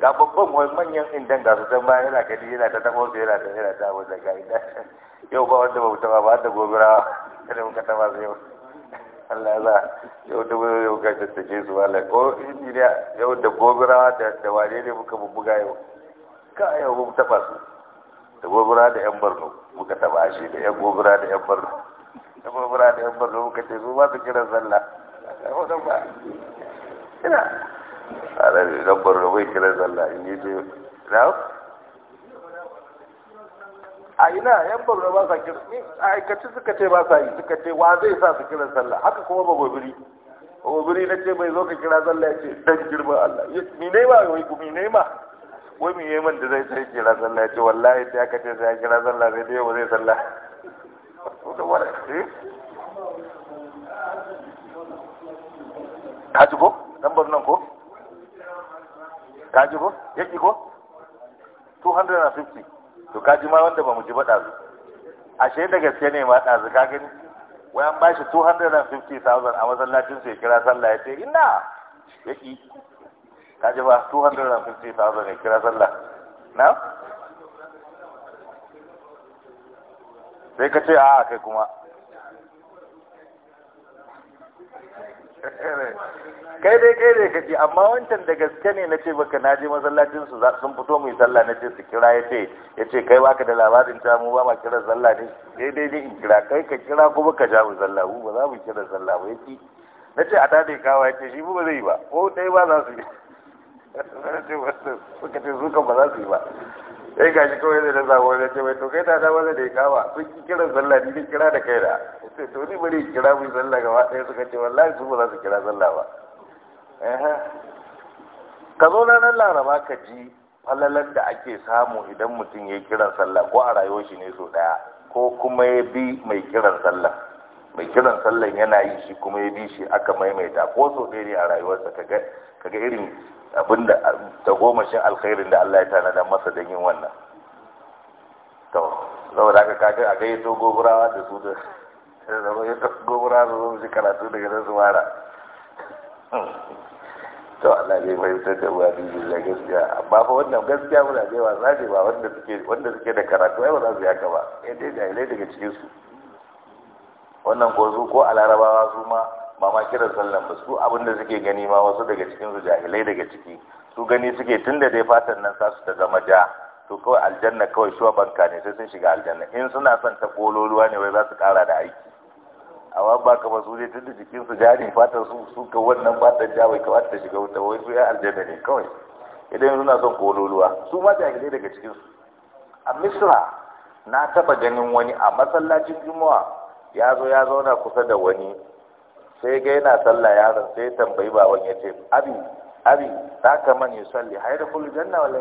ga babban wai manyan indan ga su can bayan yana gani yana ta tabo su yana ta yana ta da ga inda yau ba wanda ba mutum ba da gobira kada muka taba su yau Allah ya za yau da wani yau ga tattake su ba ko injiniya yau da gobira da da wane ne muka bubbuga yau ka yau mun taba su da gobira da yan barno muka taba shi da yan gobira da yan barno da gobira da yan barno muka ce su ba su kiran sallah ina ala ne dan barno bai kira sallah in yi to na a ina yan barno ba sa kira ni a aikace suka ce ba sa yi suka ce wa zai sa su kira sallah haka kuma ba gobiri gobiri na ce bai zo ka kira sallah ya ce dan girma Allah ni ne ba wai ku ni ne ma wai mu yeman da zai sai kira sallah ya ce wallahi sai aka ce sai kira sallah sai dai ba zai sallah ka ci ko dan barnan ko kaji ko yaki ko 250 to kaji ma wanda ba mu ji ba su. ashe da gaske ne ma ɗazu ka gani wai ba shi 250,000 a masallacin su ya kira sallah ya ce ina yaki kaji ba 250,000 ya kira sallah na sai ka ce a kai kuma kai dai kai dai kaji amma wancan da gaske ne na ce baka je masallacin su sun fito mu sallah ce su kira ya ce kai baka da labarin ta mu ba ma kira sallah ne sai dai dai in kira kai ka kira ko baka ja mu sallah mu ba za mu kira sallah ba na ce a dade kawa ce shi ba zai ba ko dai ba za su yi suka ce suka ba za su yi ba sai gashi kawai zai rasa wani ce mai to kai ta dama da ya kama sun ki kira sallah ni kira da kai da sai to ni bari kira mu sallah gaba ɗaya suka ce wallahi su ba za su kira sallah ba ka zo ranar laraba ka ji falalar da ake samu idan mutum ya kiran sallah ko a rayuwar shi ne so daya ko kuma ya bi mai kiran sallah mai kiran sallah yana yi shi kuma ya bi shi aka maimaita ko so ɗaya ne a rayuwarsa ka ga irin abinda ta gomashin alkhairin da Allah ya tanada masa don yin wannan to da haka kaga a gayyato goburawa da su da goburawa da zo shi karatu daga nan su mara to Allah mai fahimtar da wani da gaskiya amma fa wannan gaskiya muna da yawa zaje ba wanda suke wanda suke da karatu ai ba za su yaka ba eh dai daga cikin su wannan ko su ko a larabawa su ma ba ma kiran sallan ba su abin da suke gani ma wasu daga cikin su jahilai daga ciki su gani suke tunda dai fatan nan sasu ta zama ja to kawai aljanna kawai shuwa banka ne sai sun shiga aljanna in suna son ta kololuwa ne wai za su kara da aiki amma ba ka ba su tun tunda jikin su jari fatan su su ka wannan fatan ja bai kamata ta shiga wuta wai su ya aljanna ne kawai idan suna son kololuwa su ma jahilai daga cikin su a misra na taba ganin wani a masallacin juma'a ya zo ya zauna kusa da wani sai ga yana sallah yaron sai ya tambayi baban ya ce abi abi ka man da hayrul janna wala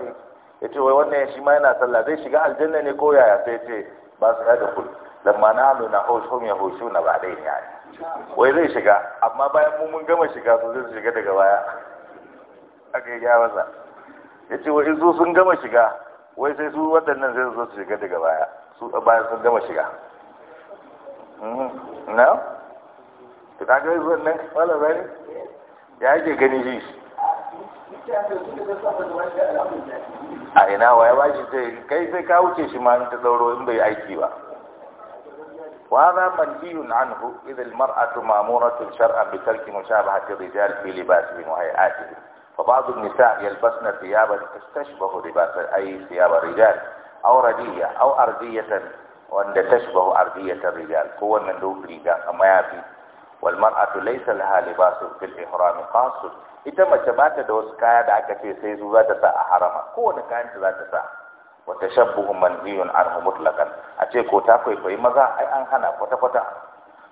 ya ce wai wannan shi ma yana sallah zai shiga aljanna ne ko yaya sai ce ba su da kul lamma na halu na haushum ya hoshu na ba dai ya wai zai shiga amma bayan mu mun gama shiga su zai shiga daga baya aka yi ya masa ya ce wai su sun gama shiga wai sai su waɗannan zai zo su shiga daga baya su bayan sun gama shiga na hmm, hmm, hmm, wannan wala ya gani a ina waya ba shi sai kai sai ka wuce shi ma ta tsauro in bai aiki ba وهذا منهي عنه اذا المرأة مامورة شرعا بترك مشابهة الرجال في لباسهم وهيئاتهم فبعض النساء يلبسن ثيابا تشبه لباس أي ثياب الرجال أو ردية أو ارديه وأن تشبه ارديه الرجال هو من دوب ليجا أما يفي walmar'atu mar'atu laysa laha libasun fil ihram qasun ita mace ba ta da wasu kaya da aka ce sai zu ta sa a harama kowane kayan ta za ta sa wa tashabbuhu manhiyun anhu mutlaqan a ce ko ta kwaikwayi maza ai an hana kwata kwata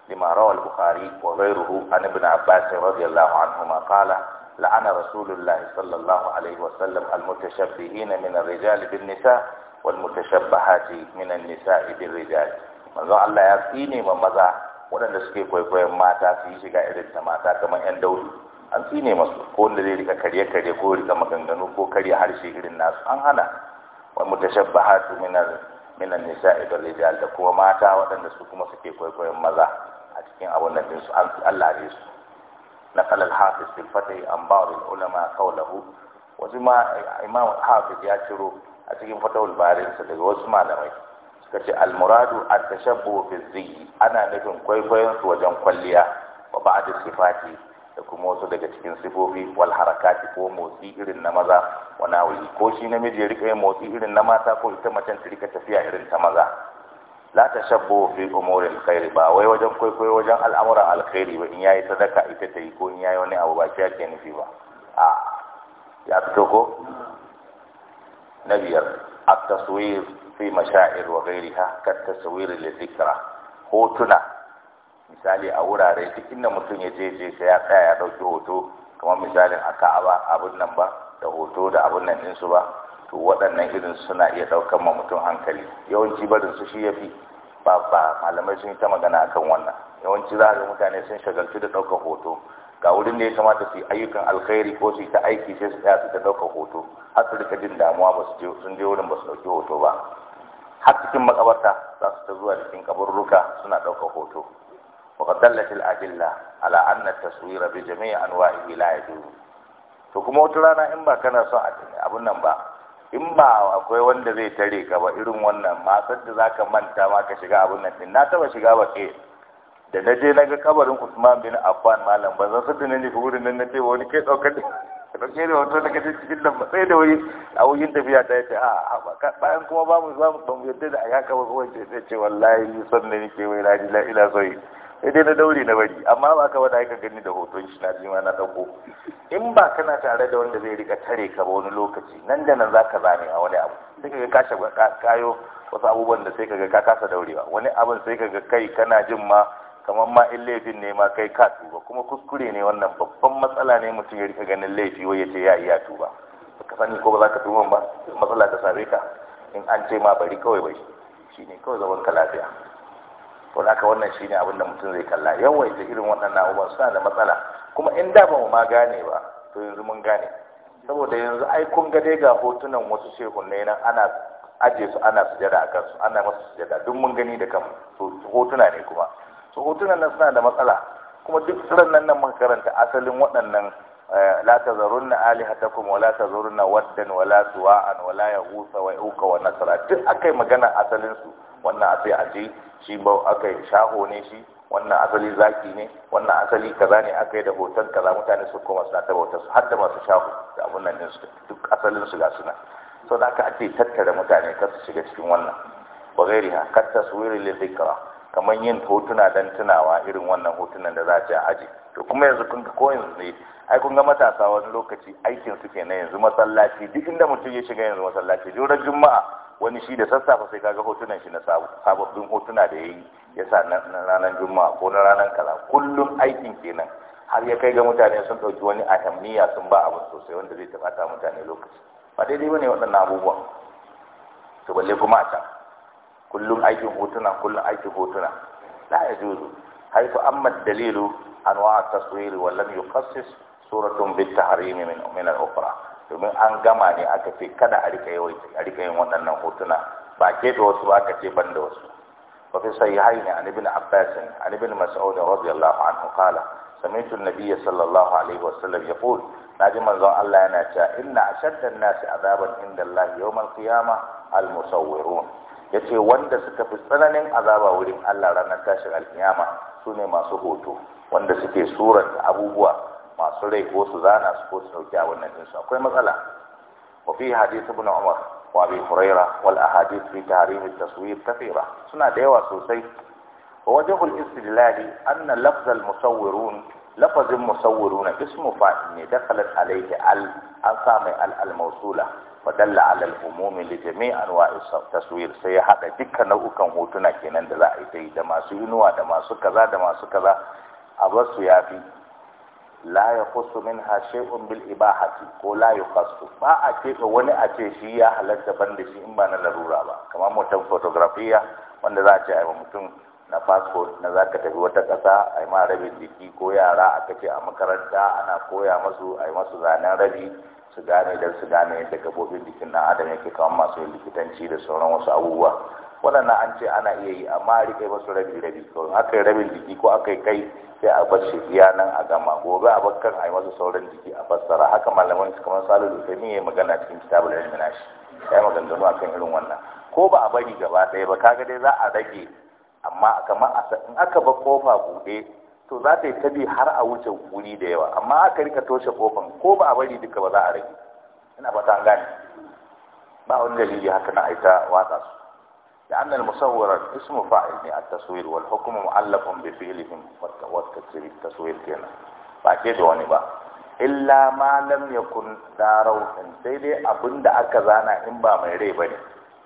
lima rawa al-bukhari wa ghayruhu an ibn abbas radiyallahu anhuma qala لعن رسول الله صلى الله عليه وسلم nisa, من الرجال بالنساء والمتشبهات من النساء بالرجال manzon Allah ya tsine ma maza waɗanda suke kwaikwayon mata su yi shiga irin ta mata kamar 'yan daudu an ne masu ko wanda zai rika karye-karye ko rika maganganu ko karya harshe irin nasu an hana wani shabba hatu minan nisa da rijal da kuma mata waɗanda su kuma suke kwaikwayon maza a cikin abun nan din su an Allah ne su Hafiz نقل الحافظ في الفتح عن wasu ma imam hafiz ya ciro a cikin fatawul barinsa daga wasu malamai. Ka ce almuradu a tashabbu fi zai ana nufin kwaikwayon su wajen kwalliya wa ba'd sifati da kuma wasu daga cikin sifofi wal harakati ko motsi irin na maza wa nawi ko shi namiji ya rika yin motsi irin na mata ko ita macen ta rika tafiya irin ta maza la tashabbu fi umuri alkhairi ba wai wajen kwaikwayo wajen al'amuran alkhairi ba in yayi sadaka ita ta yi ko in yayi wani abu ba shi yake nufi ba a ya fito ko na biyar a taswir fi mashair wa ghairiha ka tasawir lidhikra hotuna misali a wurare duk inda mutum ya je je sai ya tsaya ya dauki hoto kamar misalin a Ka'aba abun nan ba da hoto da abun nan din su ba to waɗannan irin suna iya ɗaukan ma mutum hankali yawanci barin su shi yafi ba ba malamai sun yi ta magana akan wannan yawanci za ga mutane sun shagaltu da ɗaukar hoto ga wurin da ya kamata su yi ayyukan alkhairi ko su yi ta aiki sai su tsaya su ta ɗaukar hoto har su rika jin damuwa ba su je sun je wurin ba su ɗauki hoto ba har cikin makabarta za su ta zuwa cikin kaburruka suna ɗaukar hoto وقد دلت الأدلة على أن التصوير بجميع أنواعه لا يجوز to kuma wata rana in ba kana son a abun nan ba in ba akwai wanda zai tare ka ba irin wannan matsar da zaka manta ma ka shiga abun nan din na taba shiga ba ke da na je na ga kabarin Usman bin Affan malam ba zan sadu ne ni gurin nan na ce wani ke daukar ka ɗauke da hoto da cikin nan matsayi da wuri a wurin tafiya ta yace ah, ah, a bayan kuma ba mu ba mu ba mu yadda da yaka ba kuma ce ta ce wallahi ni son ne nake wai rani la ila sai sai dai na dauri na bari amma ba ka wani aika gani da hoton shi na ji na ɗauko in ba kana tare da wanda zai rika tare ka ba wani lokaci nan da nan za ka zame a wani abu sai ka ga kashe kayo wasu abubuwan da sai ka ga ka kasa daurewa wani abin sai ka ga kai kana jin ma kamar ma in laifin ne ma kai ka tuba kuma kuskure ne wannan babban matsala ne mutum ya rika ganin laifi wai ya ce ya iya tuba ka sani ko ba za ka tuba ba matsala ta same ka in an ce ma bari kawai bai shi ne kawai zaman ka lafiya to haka wannan shi abin da mutum zai kalla yawaita irin waɗannan abubuwan suna da matsala kuma in da ba mu ma gane ba to yanzu mun gane saboda yanzu ai kun ga dai ga hotunan wasu shehunne nan ana aje su ana sujada a kansu ana masu sujada duk mun gani da kanmu to hotuna ne kuma su hotunan nan suna da matsala kuma duk tsiran nan nan muka karanta asalin waɗannan eh, la kuma, alihatakum ta la na waddan wa la suwa'an wa la husa wa yauka wa nasara. duk akai magana asalin su wannan a aje shi ba akai shaho ne shi wannan asali zaki ne wannan asali kaza ne akai da hoton kaza mutane su koma suna ta bautar su har da masu shaho da abun nan din su duk asalin su ga suna so da aka ake tattara mutane kar su shiga cikin wannan wa ha, kar taswiri lil dhikra kamar yin hotuna dan tunawa irin wannan hotunan da za a ce aji to kuma yanzu kun ko yanzu ne ai kun ga matasa wani lokaci aikin su kenan yanzu masallaci duk inda mutum ya shiga yanzu masallaci juran juma'a wani shi da sassafe sai kaga hotunan shi na sababbin hotuna da yayi ya sa na ranar juma'a ko na ranar kala kullum aikin kenan har ya kai ga mutane sun ɗauki wani ahamniya sun ba abin sosai wanda zai taɓata mutane lokaci ba daidai bane waɗannan abubuwan to balle kuma a can kullum aikin hotuna kullum aikin hotuna la ya juzu haifu amma dalilu anwa taswiri wallam yukassis suratun bit tahrimi min min al-ukhra domin an gama ne aka ce kada a rika yawaita a rika yin waɗannan hotuna ba ke da wasu ba ka ce ban da wasu wa fi sahihaini an ibn abbas an ibn mas'ud radiyallahu anhu qala sami'tu an-nabiy sallallahu alaihi wasallam yaqul naji manzon Allah yana cewa inna ashadda an-nasi azaban inda Allah yawm al-qiyamah al-musawwirun ya ce wanda suka fi tsananin azaba wurin Allah ranar tashin alkiyama su ne masu hoto wanda suke suranta abubuwa masu rai ko su zana su ko su dauki a wannan ɗinsu akwai matsala wa fi hadith ibn umar wa abi huraira wal ahadith fi tahrim at-taswir kathira suna da yawa sosai wa wajhul istidlali anna lafz al-musawwirun lafazin musawwiruna ismu fa'il ne dakhalat alayhi al an sa mai al al-mawsula wadalla alal umumi li jami' anwa taswir sai ya haɗa dukkan nau'ukan hotuna kenan da za a yi ta yi da masu inuwa da masu kaza da masu kaza a basu yafi la yakhussu minha shay'un bil ibahati ko la yakhussu ba a ce wani a ce shi ya halatta ban da shi in ba na larura ba kamar mutum fotografiya wanda za a ce ai mutum na fasfo na za ka tafi wata ƙasa a yi ma rabin jiki ko yara a ce a makaranta ana koya masu a yi masu zanen rabi su gane don su gane yadda gabobin jikin na adam yake kawo masu yin likitanci da sauran wasu abubuwa waɗannan an ce ana iya yi amma rike masu rabi rabi kawai aka yi rabin jiki ko aka yi kai sai a bar shi iya nan a gama gobe a bakkan a yi masa sauran jiki a fassara haka malaman su kamar salu da sai ya magana cikin kitabul ilmi nashi ya yi maganganu akan irin wannan ko ba a bari gaba ɗaya ba kaga dai za a rage amma kamar in aka bar kofa buɗe to za ta yi tabi har a wuce wuri da yawa amma aka rika toshe kofan ko ba a bari duka ba za a rage ina fata an gane ba wani dalili haka na aita watsa su da annal musawwarar ismu fa'il ne at taswir wal hukmu mu'allaqun bi fi'lihim wa taswir taswir kenan ba ke da wani ba illa ma lam yakun darau sai dai abinda aka zana in ba mai rai bane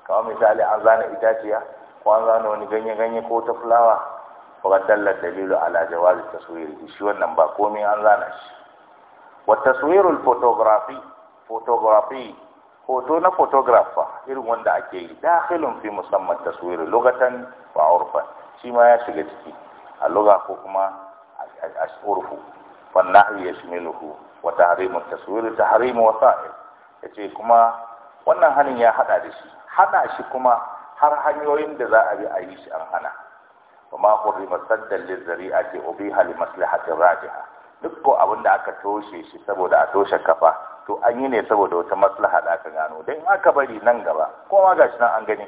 kamar misali an zana itaciya ko an zana wani ganye ganye ko ta fulawa وقد دل dalilu على جواز التصوير shi wannan ba komai an zana shi wa taswirul photography photography hoto na fotografa irin wanda ake yi dakhilun fi musamman taswir lugatan wa urfan shi ma ya shiga ciki a lugha ko kuma a urfu fa nahyu yashmiluhu wa tahrimu taswir tahrimu wasa'il yace kuma wannan hanin ya hada da shi hada shi kuma har hanyoyin da za a bi a yi shi an hana wa ma hurrima saddan lizari'ati ubiha li maslahatin rajiha duk ko abin da aka toshe shi saboda a toshe kafa to an yi ne saboda wata maslaha da aka gano dan aka bari nan gaba ko ma gashi nan an gani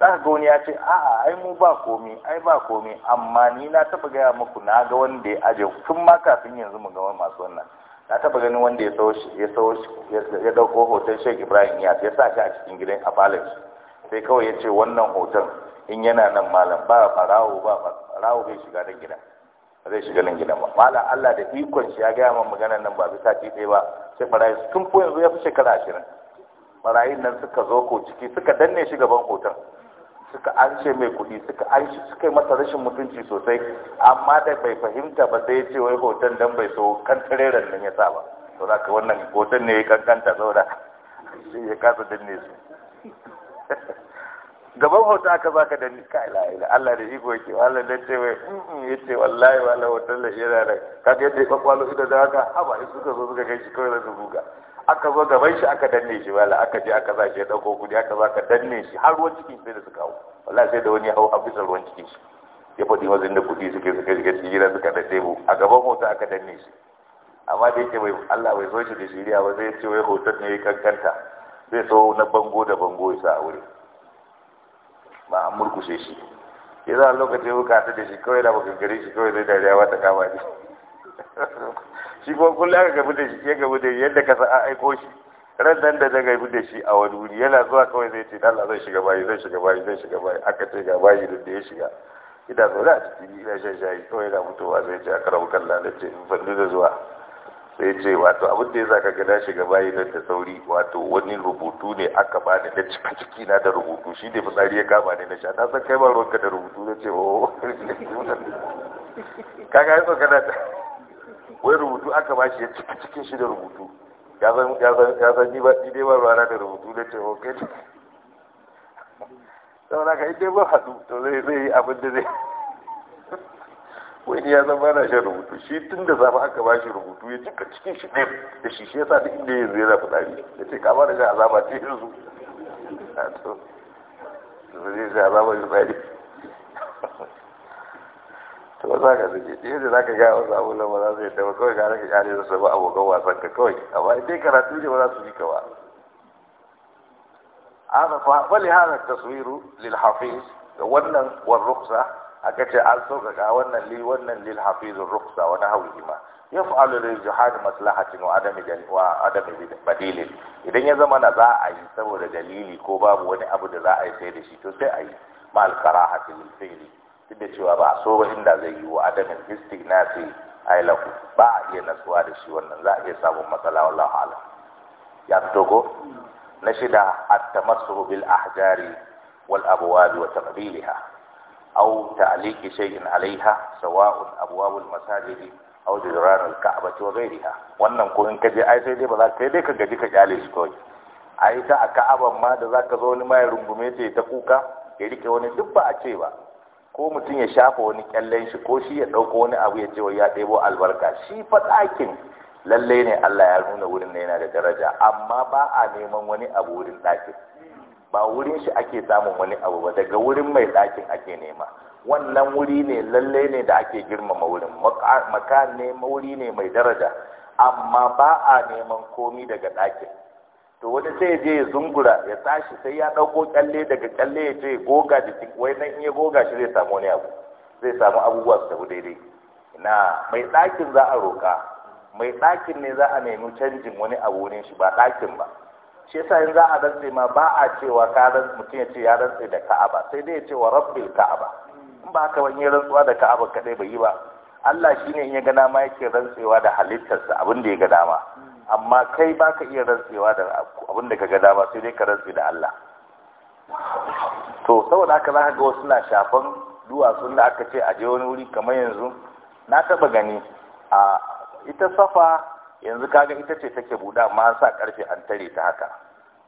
zaka ga wani ya ce a'a ai mu ba komi ai ba komi amma ni na taba gaya muku na ga wanda ya aje tun ma kafin yanzu mu ga masu wannan na taba ganin wanda ya sau ya sau ya dauko hoton Sheikh Ibrahim Iyas ya sa shi a cikin gidan a palace sai kawai ya ce wannan hoton in yana nan malam ba farawo ba farawo bai shiga nan gida zai shiga nan gida ba malam Allah da ikon shi ya gaya mana maganar nan ba bi sa ɗaya ba sai barayi tun ko yanzu ya fi shekara ashirin barayin nan suka zo ko ciki suka danne shi gaban hoton suka an ce mai kuɗi suka an shi suka yi masa rashin mutunci sosai amma da bai fahimta ba sai ya ce wai hoton dan bai so kan tareren nan ya sa ba to za ka wannan hoton ne ya kankanta saboda shi ya kasa danne su gaban hoton aka baka da niska kai ila Allah da iko yake wala da ce wai in yace wallahi wala hoton da yana da kaga yadda ya kwakwalo ida da haka haba in suka zo suka kai shi kawai da buga aka zo gaban shi aka danne shi wala aka je aka sa shi ya dauko kudi aka zo danne shi har ruwan cikin sai da suka hau wallahi sai da wani hau a bisa ruwan cikin shi ya faɗi wajen da kudi suke suka shiga cikin gidan suka da tebu a gaban hoton aka danne shi amma da yake bai Allah bai zo shi da shiriya ba zai ce wai hoton ne ya kankanta zai so na bango da bango ya sa a wurin ba an murkushe shi ya za a lokacin wuka ta da shi kawai da bakin gari shi kawai zai dariya wata kama ne shi kuma kullum aka gabu da shi ya gabu da yadda ka a aiko shi ran nan da na gabu da shi a wani wuri yana zuwa kawai zai ce Allah zai shiga bayi zai shiga bayi zai shiga bayi aka ce ga bayi da ya shiga ina zaune a cikin ina shan shayi kawai yana mutuwa zai ce a karamar kalla da ce da zuwa sai ce wato abin da ya zaka gada ga bayi nan da sauri wato wani rubutu ne aka bani na cika ciki na da rubutu shi ne fitsari ya kama ne na sha ta san kai ba ka da rubutu na ce oh kaga ya tsoka na wai rubutu aka ba shi ya cika cikin shi da rubutu ya san ya san ya san ni ba ni dai ba ruwana da rubutu na ce oh kai saboda ka idan ba haɗu to zai zai yi abin da zai wani ne ya zama na shan rubutu shi tun da safe aka ba shi rubutu ya cika cikin shi ɗin da shi shi sa duk inda ya zai na ɗari ya ce kama da shi azaba ce yanzu a to zai shi azaba shi tsari to za ka zai ɗaya da za ka gaya wasu abubuwan ba za su yi taimaka kawai ka raka kyale da sabon abokan wasan ka kawai amma idan karatu ne ba za su ji ka ba هذا فلهذا التصوير للحفيظ ولن والرخصة aka ce an sauƙaƙa wannan li wannan lil hafizur ruksa wa nahwihi ma yaf'alu li jihad maslahatin wa adami wa adami badilin idan ya zama na za a yi saboda dalili ko babu wani abu da za a yi sai da shi to sai a yi ma karahati lil fi'li duk da cewa ba so ba inda zai yi wa adamin istighnati ai lahu ba a iya nasuwa da shi wannan za a iya samun matsala wallahu a'lam ya fito ko na shida at-tamassuhu bil ahjari wal abwab wa taqbiliha أو تعليق شيء عليها سواء أبواب المساجد أو جدران الكعبة وغيرها wannan ko in ka je ai sai dai ba za ka dai ka gaji ka kyale shi kawai ai ta a ka'aban ma da za ka zo wani ma rungume ta ta kuka ya rike wani duk ba ce ba ko mutum ya shafa wani kyallen shi ko shi ya ɗauko wani abu ya ce wa ya ɗebo albarka shi fa ɗakin lalle ne Allah ya nuna wurin ne yana da daraja amma ba neman wani abu wurin ɗakin ba wurin shi ake samun wani abu ba daga wurin mai ɗakin ake nema wannan wuri ne lalle ne da ake girmama wurin makan ne wuri ne mai daraja amma ba a neman komi daga ɗakin to wani sai je ya zungura ya tashi sai ya ɗauko kyalle daga kyalle ya ce goga jikin wai nan in ya goga shi zai samu wani abu zai samu abubuwa su tafi daidai na mai ɗakin za a roƙa mai ɗakin ne za a nemi canjin wani abu wurin shi ba ɗakin ba shi yasa in za a rantse ma ba a cewa ka rantse mutum ya ce ya rantse da ka'aba sai dai ya ce wa rabbil ka'aba in ba ka wani rantsuwa da ka'aba kadai bai yi ba Allah shi ne in ya gana ma yake rantsewa da halittarsa abin da ya ga dama amma kai ba ka iya rantsewa da abin da ka ga dama sai dai ka rantse da Allah to saboda haka za ka ga wasu na shafan duwatsun da aka ce a je wani wuri kamar yanzu na taba gani a ita safa yanzu kaga ita ce take buɗa amma an sa karfe an tare ta haka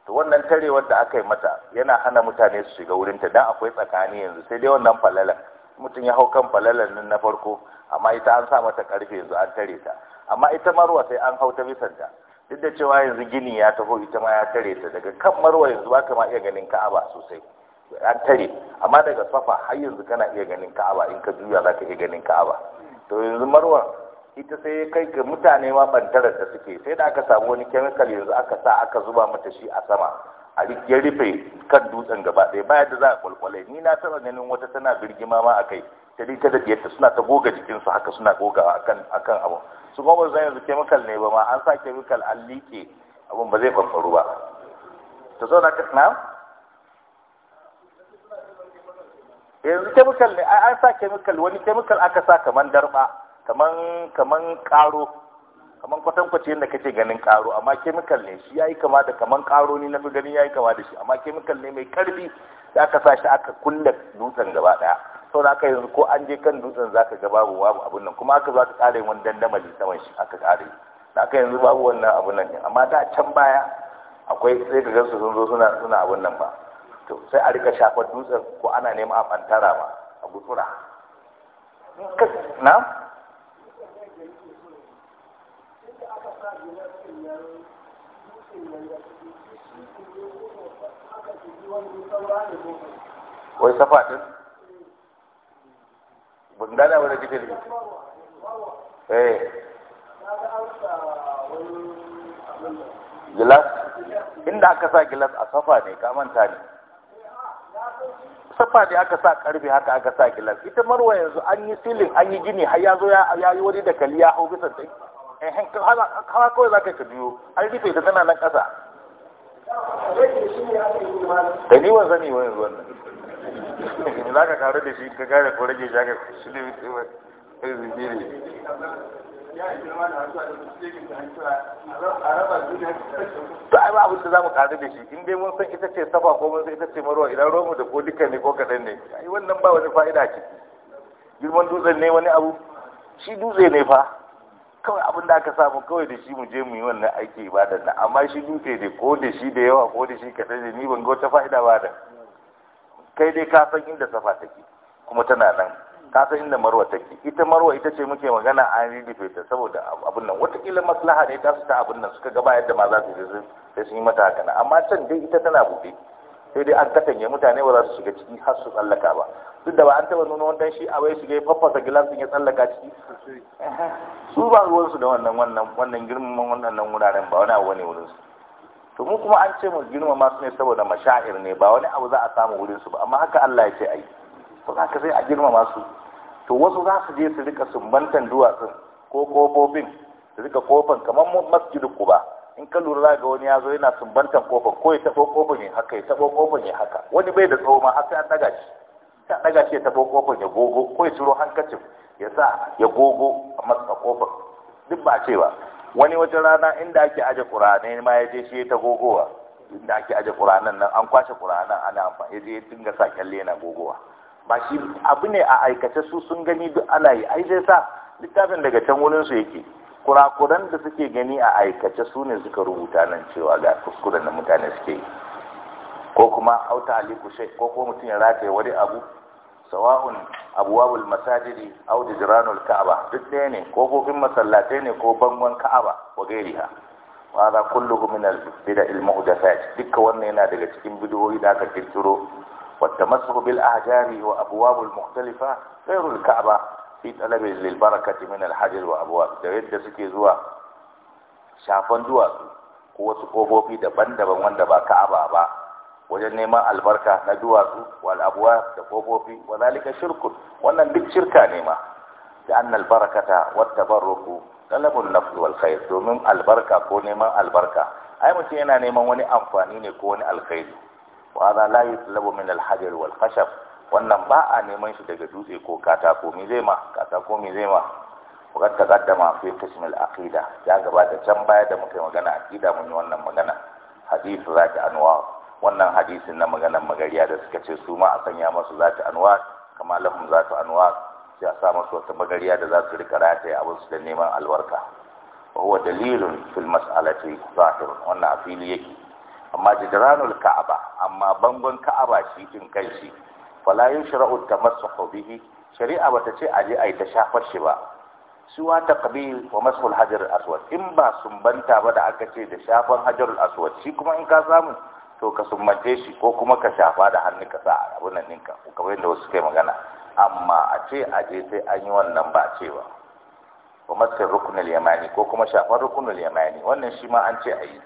to wannan tarewar da aka yi mata yana hana mutane su shiga wurin ta dan akwai tsakani yanzu sai dai wannan falalan mutum ya hau kan falalan nan na farko amma ita an sa mata ƙarfe yanzu an tare ta amma ita marwa sai an hau ta bisanta ta duk da cewa yanzu gini ya taho ita ma ya tare ta daga kan marwa yanzu ba ka ma iya ganin ka'aba sosai an tare amma daga safa har yanzu kana iya ganin ka'aba in ka juya za ka iya ganin ka'aba to yanzu marwa ita sai ya kai ga mutane ma bantarar da suke sai da aka samu wani kemikal yanzu aka sa aka zuba mata shi a sama a ya rufe kan dutsen gaba ɗaya bayan da za a kwalkwale ni na taɓa ganin wata tana birgima ma a kai ta rika da biyarta suna ta goga jikinsu haka suna goga akan akan abu su kuma zan yanzu kemikal ne ba ma an sa kemikal an liƙe abun ba zai farfaru ba ta zo na na yanzu kemikal ne an sa kemikal wani kemikal aka sa kamar darba kaman kaman karo kaman kwatankwace yadda kake ganin karo amma kemikal ne shi yayi kama da kaman karo ni fi ganin yayi kama da shi amma kemikal ne mai karfi da aka sa shi aka kulle dutsen gaba daya sau da aka yanzu ko an je kan dutsen zaka ga babu babu abun nan kuma aka za ka kare wani dandamali saman shi aka kare da aka yanzu babu wannan abun nan amma da can baya akwai sai ka gansu sun zo suna suna abun nan ba to sai a rika shafa dutsen ko ana neman a fantara ma a gutsura na wai safa din ban gana wani jikin ne eh gilas inda aka sa gilas a safa ne ka manta ne safa ne aka sa karfe haka aka sa gilas ita marwa yanzu an yi silin an yi gini har ya zo ya yi wani da kali ya hau bisa ta ehen eh, hawa kawai za ka biyo an rufe ta tana nan ƙasa da ni wanzan ne wani ruwan nan za ka karu da shi ka gane ko rage shaka shi ne zubiri to ai ba abin da za mu karu da shi in dai mun san ita ce safa ko mun san ita ce maruwa, idan romu da ko dukkan ne ko kaɗan ne ai wannan ba wani fa'ida ce girman dutsen ne wani abu shi dutse ne fa kawai abin da aka samu kawai da shi mu je mu yi wannan aiki ibadar nan amma shi dutse da ko da shi da yawa ko da shi kaɗan da ni ban ga wata fa'ida ba da kai dai ka san inda safa take kuma tana nan ka san inda marwa take ita marwa ita ce muke magana an ridife ta saboda abin nan watakila maslaha ne ta su ta abin nan suka gaba yadda ma za su yi sai sun yi mata haka amma can dai ita tana buɗe sai dai an katanye mutane ba za su shiga ciki har su tsallaka ba duk da ba an taba nuna wannan shi a wai shiga fafasa faffasa gilasin ya tsallaka ciki su ba ruwan su da wannan wannan wannan girman wannan wuraren ba wani abu bane wurin su to mu kuma an ce mu girmama su ne saboda mashair ne ba wani abu za a samu wurin su ba amma haka Allah ya ce ai za haka sai a girmama su to wasu za su je su rika sumbantan duwatsun ko kofofin su rika kofan kamar masjidu kuba in ka lura za ga wani ya zo yana sumbantan kofar ko ya tabo kofar ya haka ya tabo kofar ya haka wani bai da tsawo ma har sai an daga shi sai an daga shi ya tabo kofar ya gogo ko ya turo hankacin ya sa ya gogo a matsa kofar duk ba ce ba wani wata rana inda ake aje ƙurane ma ya je shi ya ta gogowa inda ake aje ƙuranen nan an kwashe ƙuranen ana amfani ya je ya dinga sa kyalle yana gogowa ba shi abu ne a aikace su sun gani duk ana yi ai sai sa littafin daga can wurin su yake kurakuran da suke gani a aikace su ne suka rubuta nan cewa ga kuskuren da mutane suke yi ko kuma auta aliku shai ko mutum ya rataye wani abu sawa'un abwabul masajidi da jiranul ka'aba duk ɗaya ne ko kofin masallatai ne ko bangon ka'aba wa gairiha wa hadha kulluhu min al da muhdathat dukka wannan yana daga cikin bid'o'i da aka kirkiro wata tamassuhu bil ahjari wa abwabul mukhtalifa ghairul ka'aba fi talabi lil barakati min al hajar wa abwab da yadda suke zuwa shafan duwatsu ko wasu kofofi daban-daban wanda ba ka'aba ba wajen neman albarka na duwatsu wal abwa da kofofi wa zalika shirkun wannan duk shirka ne ma da annal barakata wat tabarruku talabun nafs wal khair domin albarka ko neman albarka ai mutum yana neman wani amfani ne ko wani alkhairi wa hadha la yutlabu min al hajar wal khashab wannan ba a neman shi daga dutse ko katako mai zai ma katako mai zai ma wakar ta ma fi aqida ya gabata can baya da muka yi magana aqida mun yi wannan magana hadisu ta anwa wannan hadisin na maganar magariya da suka ce su ma a sanya masu ta anwa kama lahum zaki anwa sai a sa masu wata magariya da za su rika rataye abin su da neman alwarka. wa dalilin fil mas'alati zahir wannan afili fili yake amma jidranul ka'aba amma bangon ka'aba shi din kai shi fala yushra'u tamassuhu bihi shari'a bata ce aje ai ta shafar shi ba suwa taqbil wa mashul hajar aswad in ba sumbanta ba da aka ce da shafan hajarul aswad shi kuma in ka samu to ka sumbace shi ko kuma ka shafa da hannu ka sa abun nan ɗinka kamar yadda wasu kai magana amma a ce aje sai an yi wannan ba cewa wa masar rukunul yamani ko kuma shafar rukunin yamani wannan shi ma an ce a yi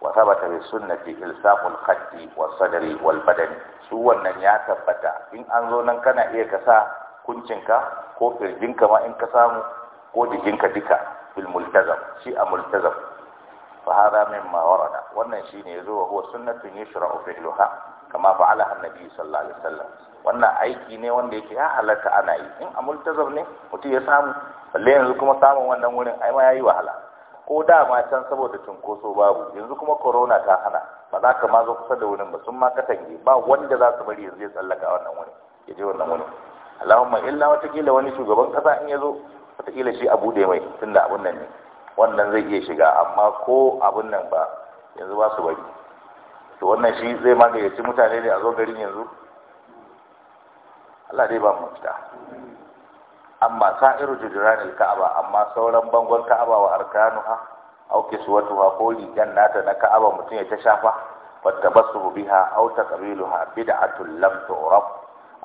وثبت بالسنة إلساق الخد والصدر والبدن su wannan ya tabbata in an zo nan kana iya kasa sa kuncinka ko firjinka ma in ka samu ko jikinka duka fil multazam shi a multazam fa hada mimma warada wannan shine yazo wa huwa sunnatun yushra'u fi'luha kama fa'ala annabi sallallahu alaihi wasallam wannan aiki ne wanda yake ya halaka ana yi in a multazam ne mutum ya samu balle yanzu kuma samun wannan wurin ai ma yayi wahala ko dama can saboda cunkoso babu yanzu kuma corona ta hana ba za ka ma zo kusa da wurin ba sun ma katange ba wanda za su bari yanzu ya tsallaka wannan wani ya je wannan wani allahumma illa wataƙila wani shugaban kasa in ya zo wataƙila shi abu da mai tunda abun nan ne wannan zai iya shiga amma ko abun nan ba yanzu ba su bari to wannan shi zai ma gayyaci mutane ne a zo garin yanzu Allah dai ba mu fita amma sa'iru jujuran ka'aba amma sauran bangon ka'aba wa arkanuha aw kiswatuha ko rigan nata na ka'aba mutum ya ta shafa Wata basu biha aw taqbiluha bid'atun lam tu'raf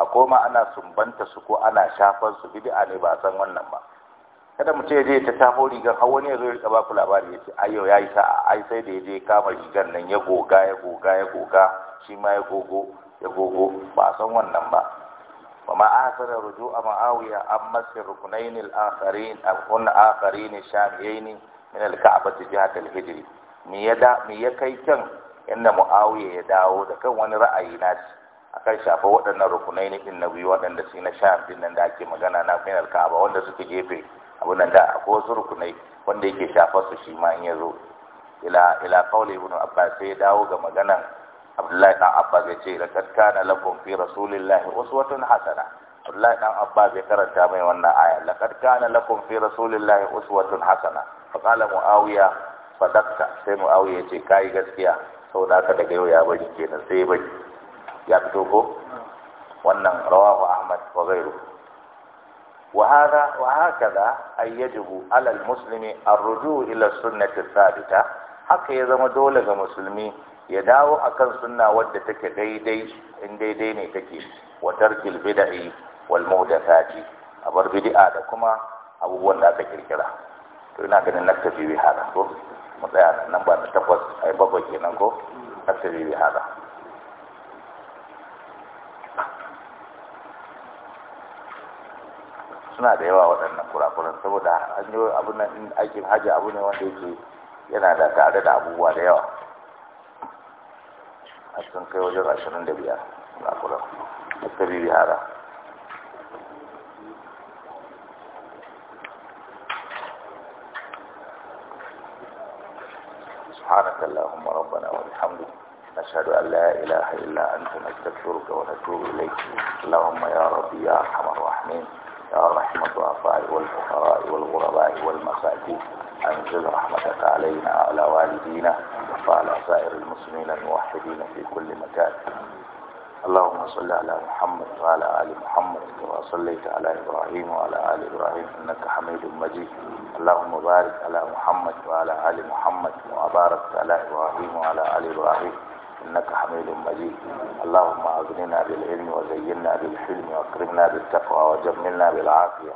a koma ana sumbanta su ko ana shafan su bid'a ne ba san wannan ba kada mutum ya je ta tafo rigar har wani ya zo ya rika baku labari ya ce ayo ya yi ai sai da ya je kama rigar nan ya goga ya goga ya goga shi ma ya gogo ya gogo ba san wannan ba وما آخر رجوع معاوية عن مس الركنين الآخرين الركن آخرين الشاميين من الكعبة جهة الهجر me ya kai kyan inda mu'awiya ya dawo da kan wani ra'ayi na akan shafa waɗannan rukunai ne din na biyu waɗanda na sham nan da ake magana na min alka'aba wanda ke gefe abin nan da akwai wasu rukunai wanda yake shafa su shi in ya zo ila ila sai ya dawo ga maganan abdullahi Ɗan abbas ya ce laqad kana lakum fi rasulillahi uswatun hasana abdullahi Ɗan abbas ya karanta mai wannan aya laqad kana lakum fi rasulillahi uswatun hasana fa qala muawiya sadaqta sai muawiya ya ce kai gaskiya saboda haka daga yau ya bari kenan sai bari ya fito ko wannan rawahu ahmad wa ghayruhu وهذا وهكذا أي يجب على المسلم الرجوع إلى السنة الثابتة حق يزم دولة مسلمي ya dawo a kan suna wadda take daidai in daidai ne take Watar tarkil bid'i wal muhdathati a bar bidi'a da kuma abubuwan da aka kirkira to ina ganin na tafi bi hada ko mu tsaya nan ba na takwas ai babba kenan ko na tafi bi hada suna da yawa waɗannan kurakuran saboda hanyoyin abin nan aikin hajji abu ne wanda yake yana da tare da abubuwa da yawa sun kai wajen ashirin da لا na kula ta سبحانك اللهم ربنا والحمد نشهد أن لا إله إلا أنت نستغفرك ونتوب إليك اللهم يا ربي يا أرحم الراحمين يا رحمة الضعفاء والفقراء والغرباء والمساكين أنزل رحمتك علينا وعلى والدينا وعلى سائر المسلمين الموحدين في كل مكان اللهم صل على محمد وعلى آل محمد كما صليت على إبراهيم وعلى آل إبراهيم إنك حميد مجيد اللهم بارك على محمد وعلى آل محمد وبارك على إبراهيم وعلى آل إبراهيم إنك حميد مجيد اللهم أغننا بالعلم وزينا بالحلم وأكرمنا بالتقوى وجملنا بالعافية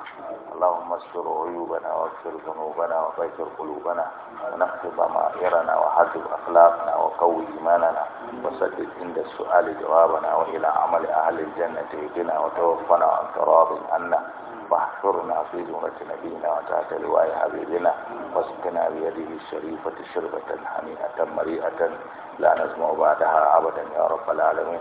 اللهم استر عيوبنا واغفر ذنوبنا وبيتر قلوبنا ونقض ضمائرنا وحسب أخلاقنا وقوي إيماننا وسدد عند السؤال جوابنا وإلى عمل أهل الجنة اهدنا وتوفنا عن تراب عنا واحفرنا في زمرة نبينا وتحت لواء حبيبنا واسقنا بيده الشريفة شربة هنيئة مريئة لا نسمع بعدها أبدا يا رب العالمين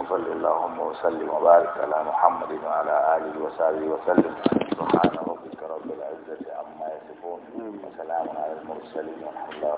وصل اللهم وسلم وبارك على محمد وعلى آله وصحبه وسلم سبحان ربك رب العزة عما يصفون وسلام على المرسلين والحمد لله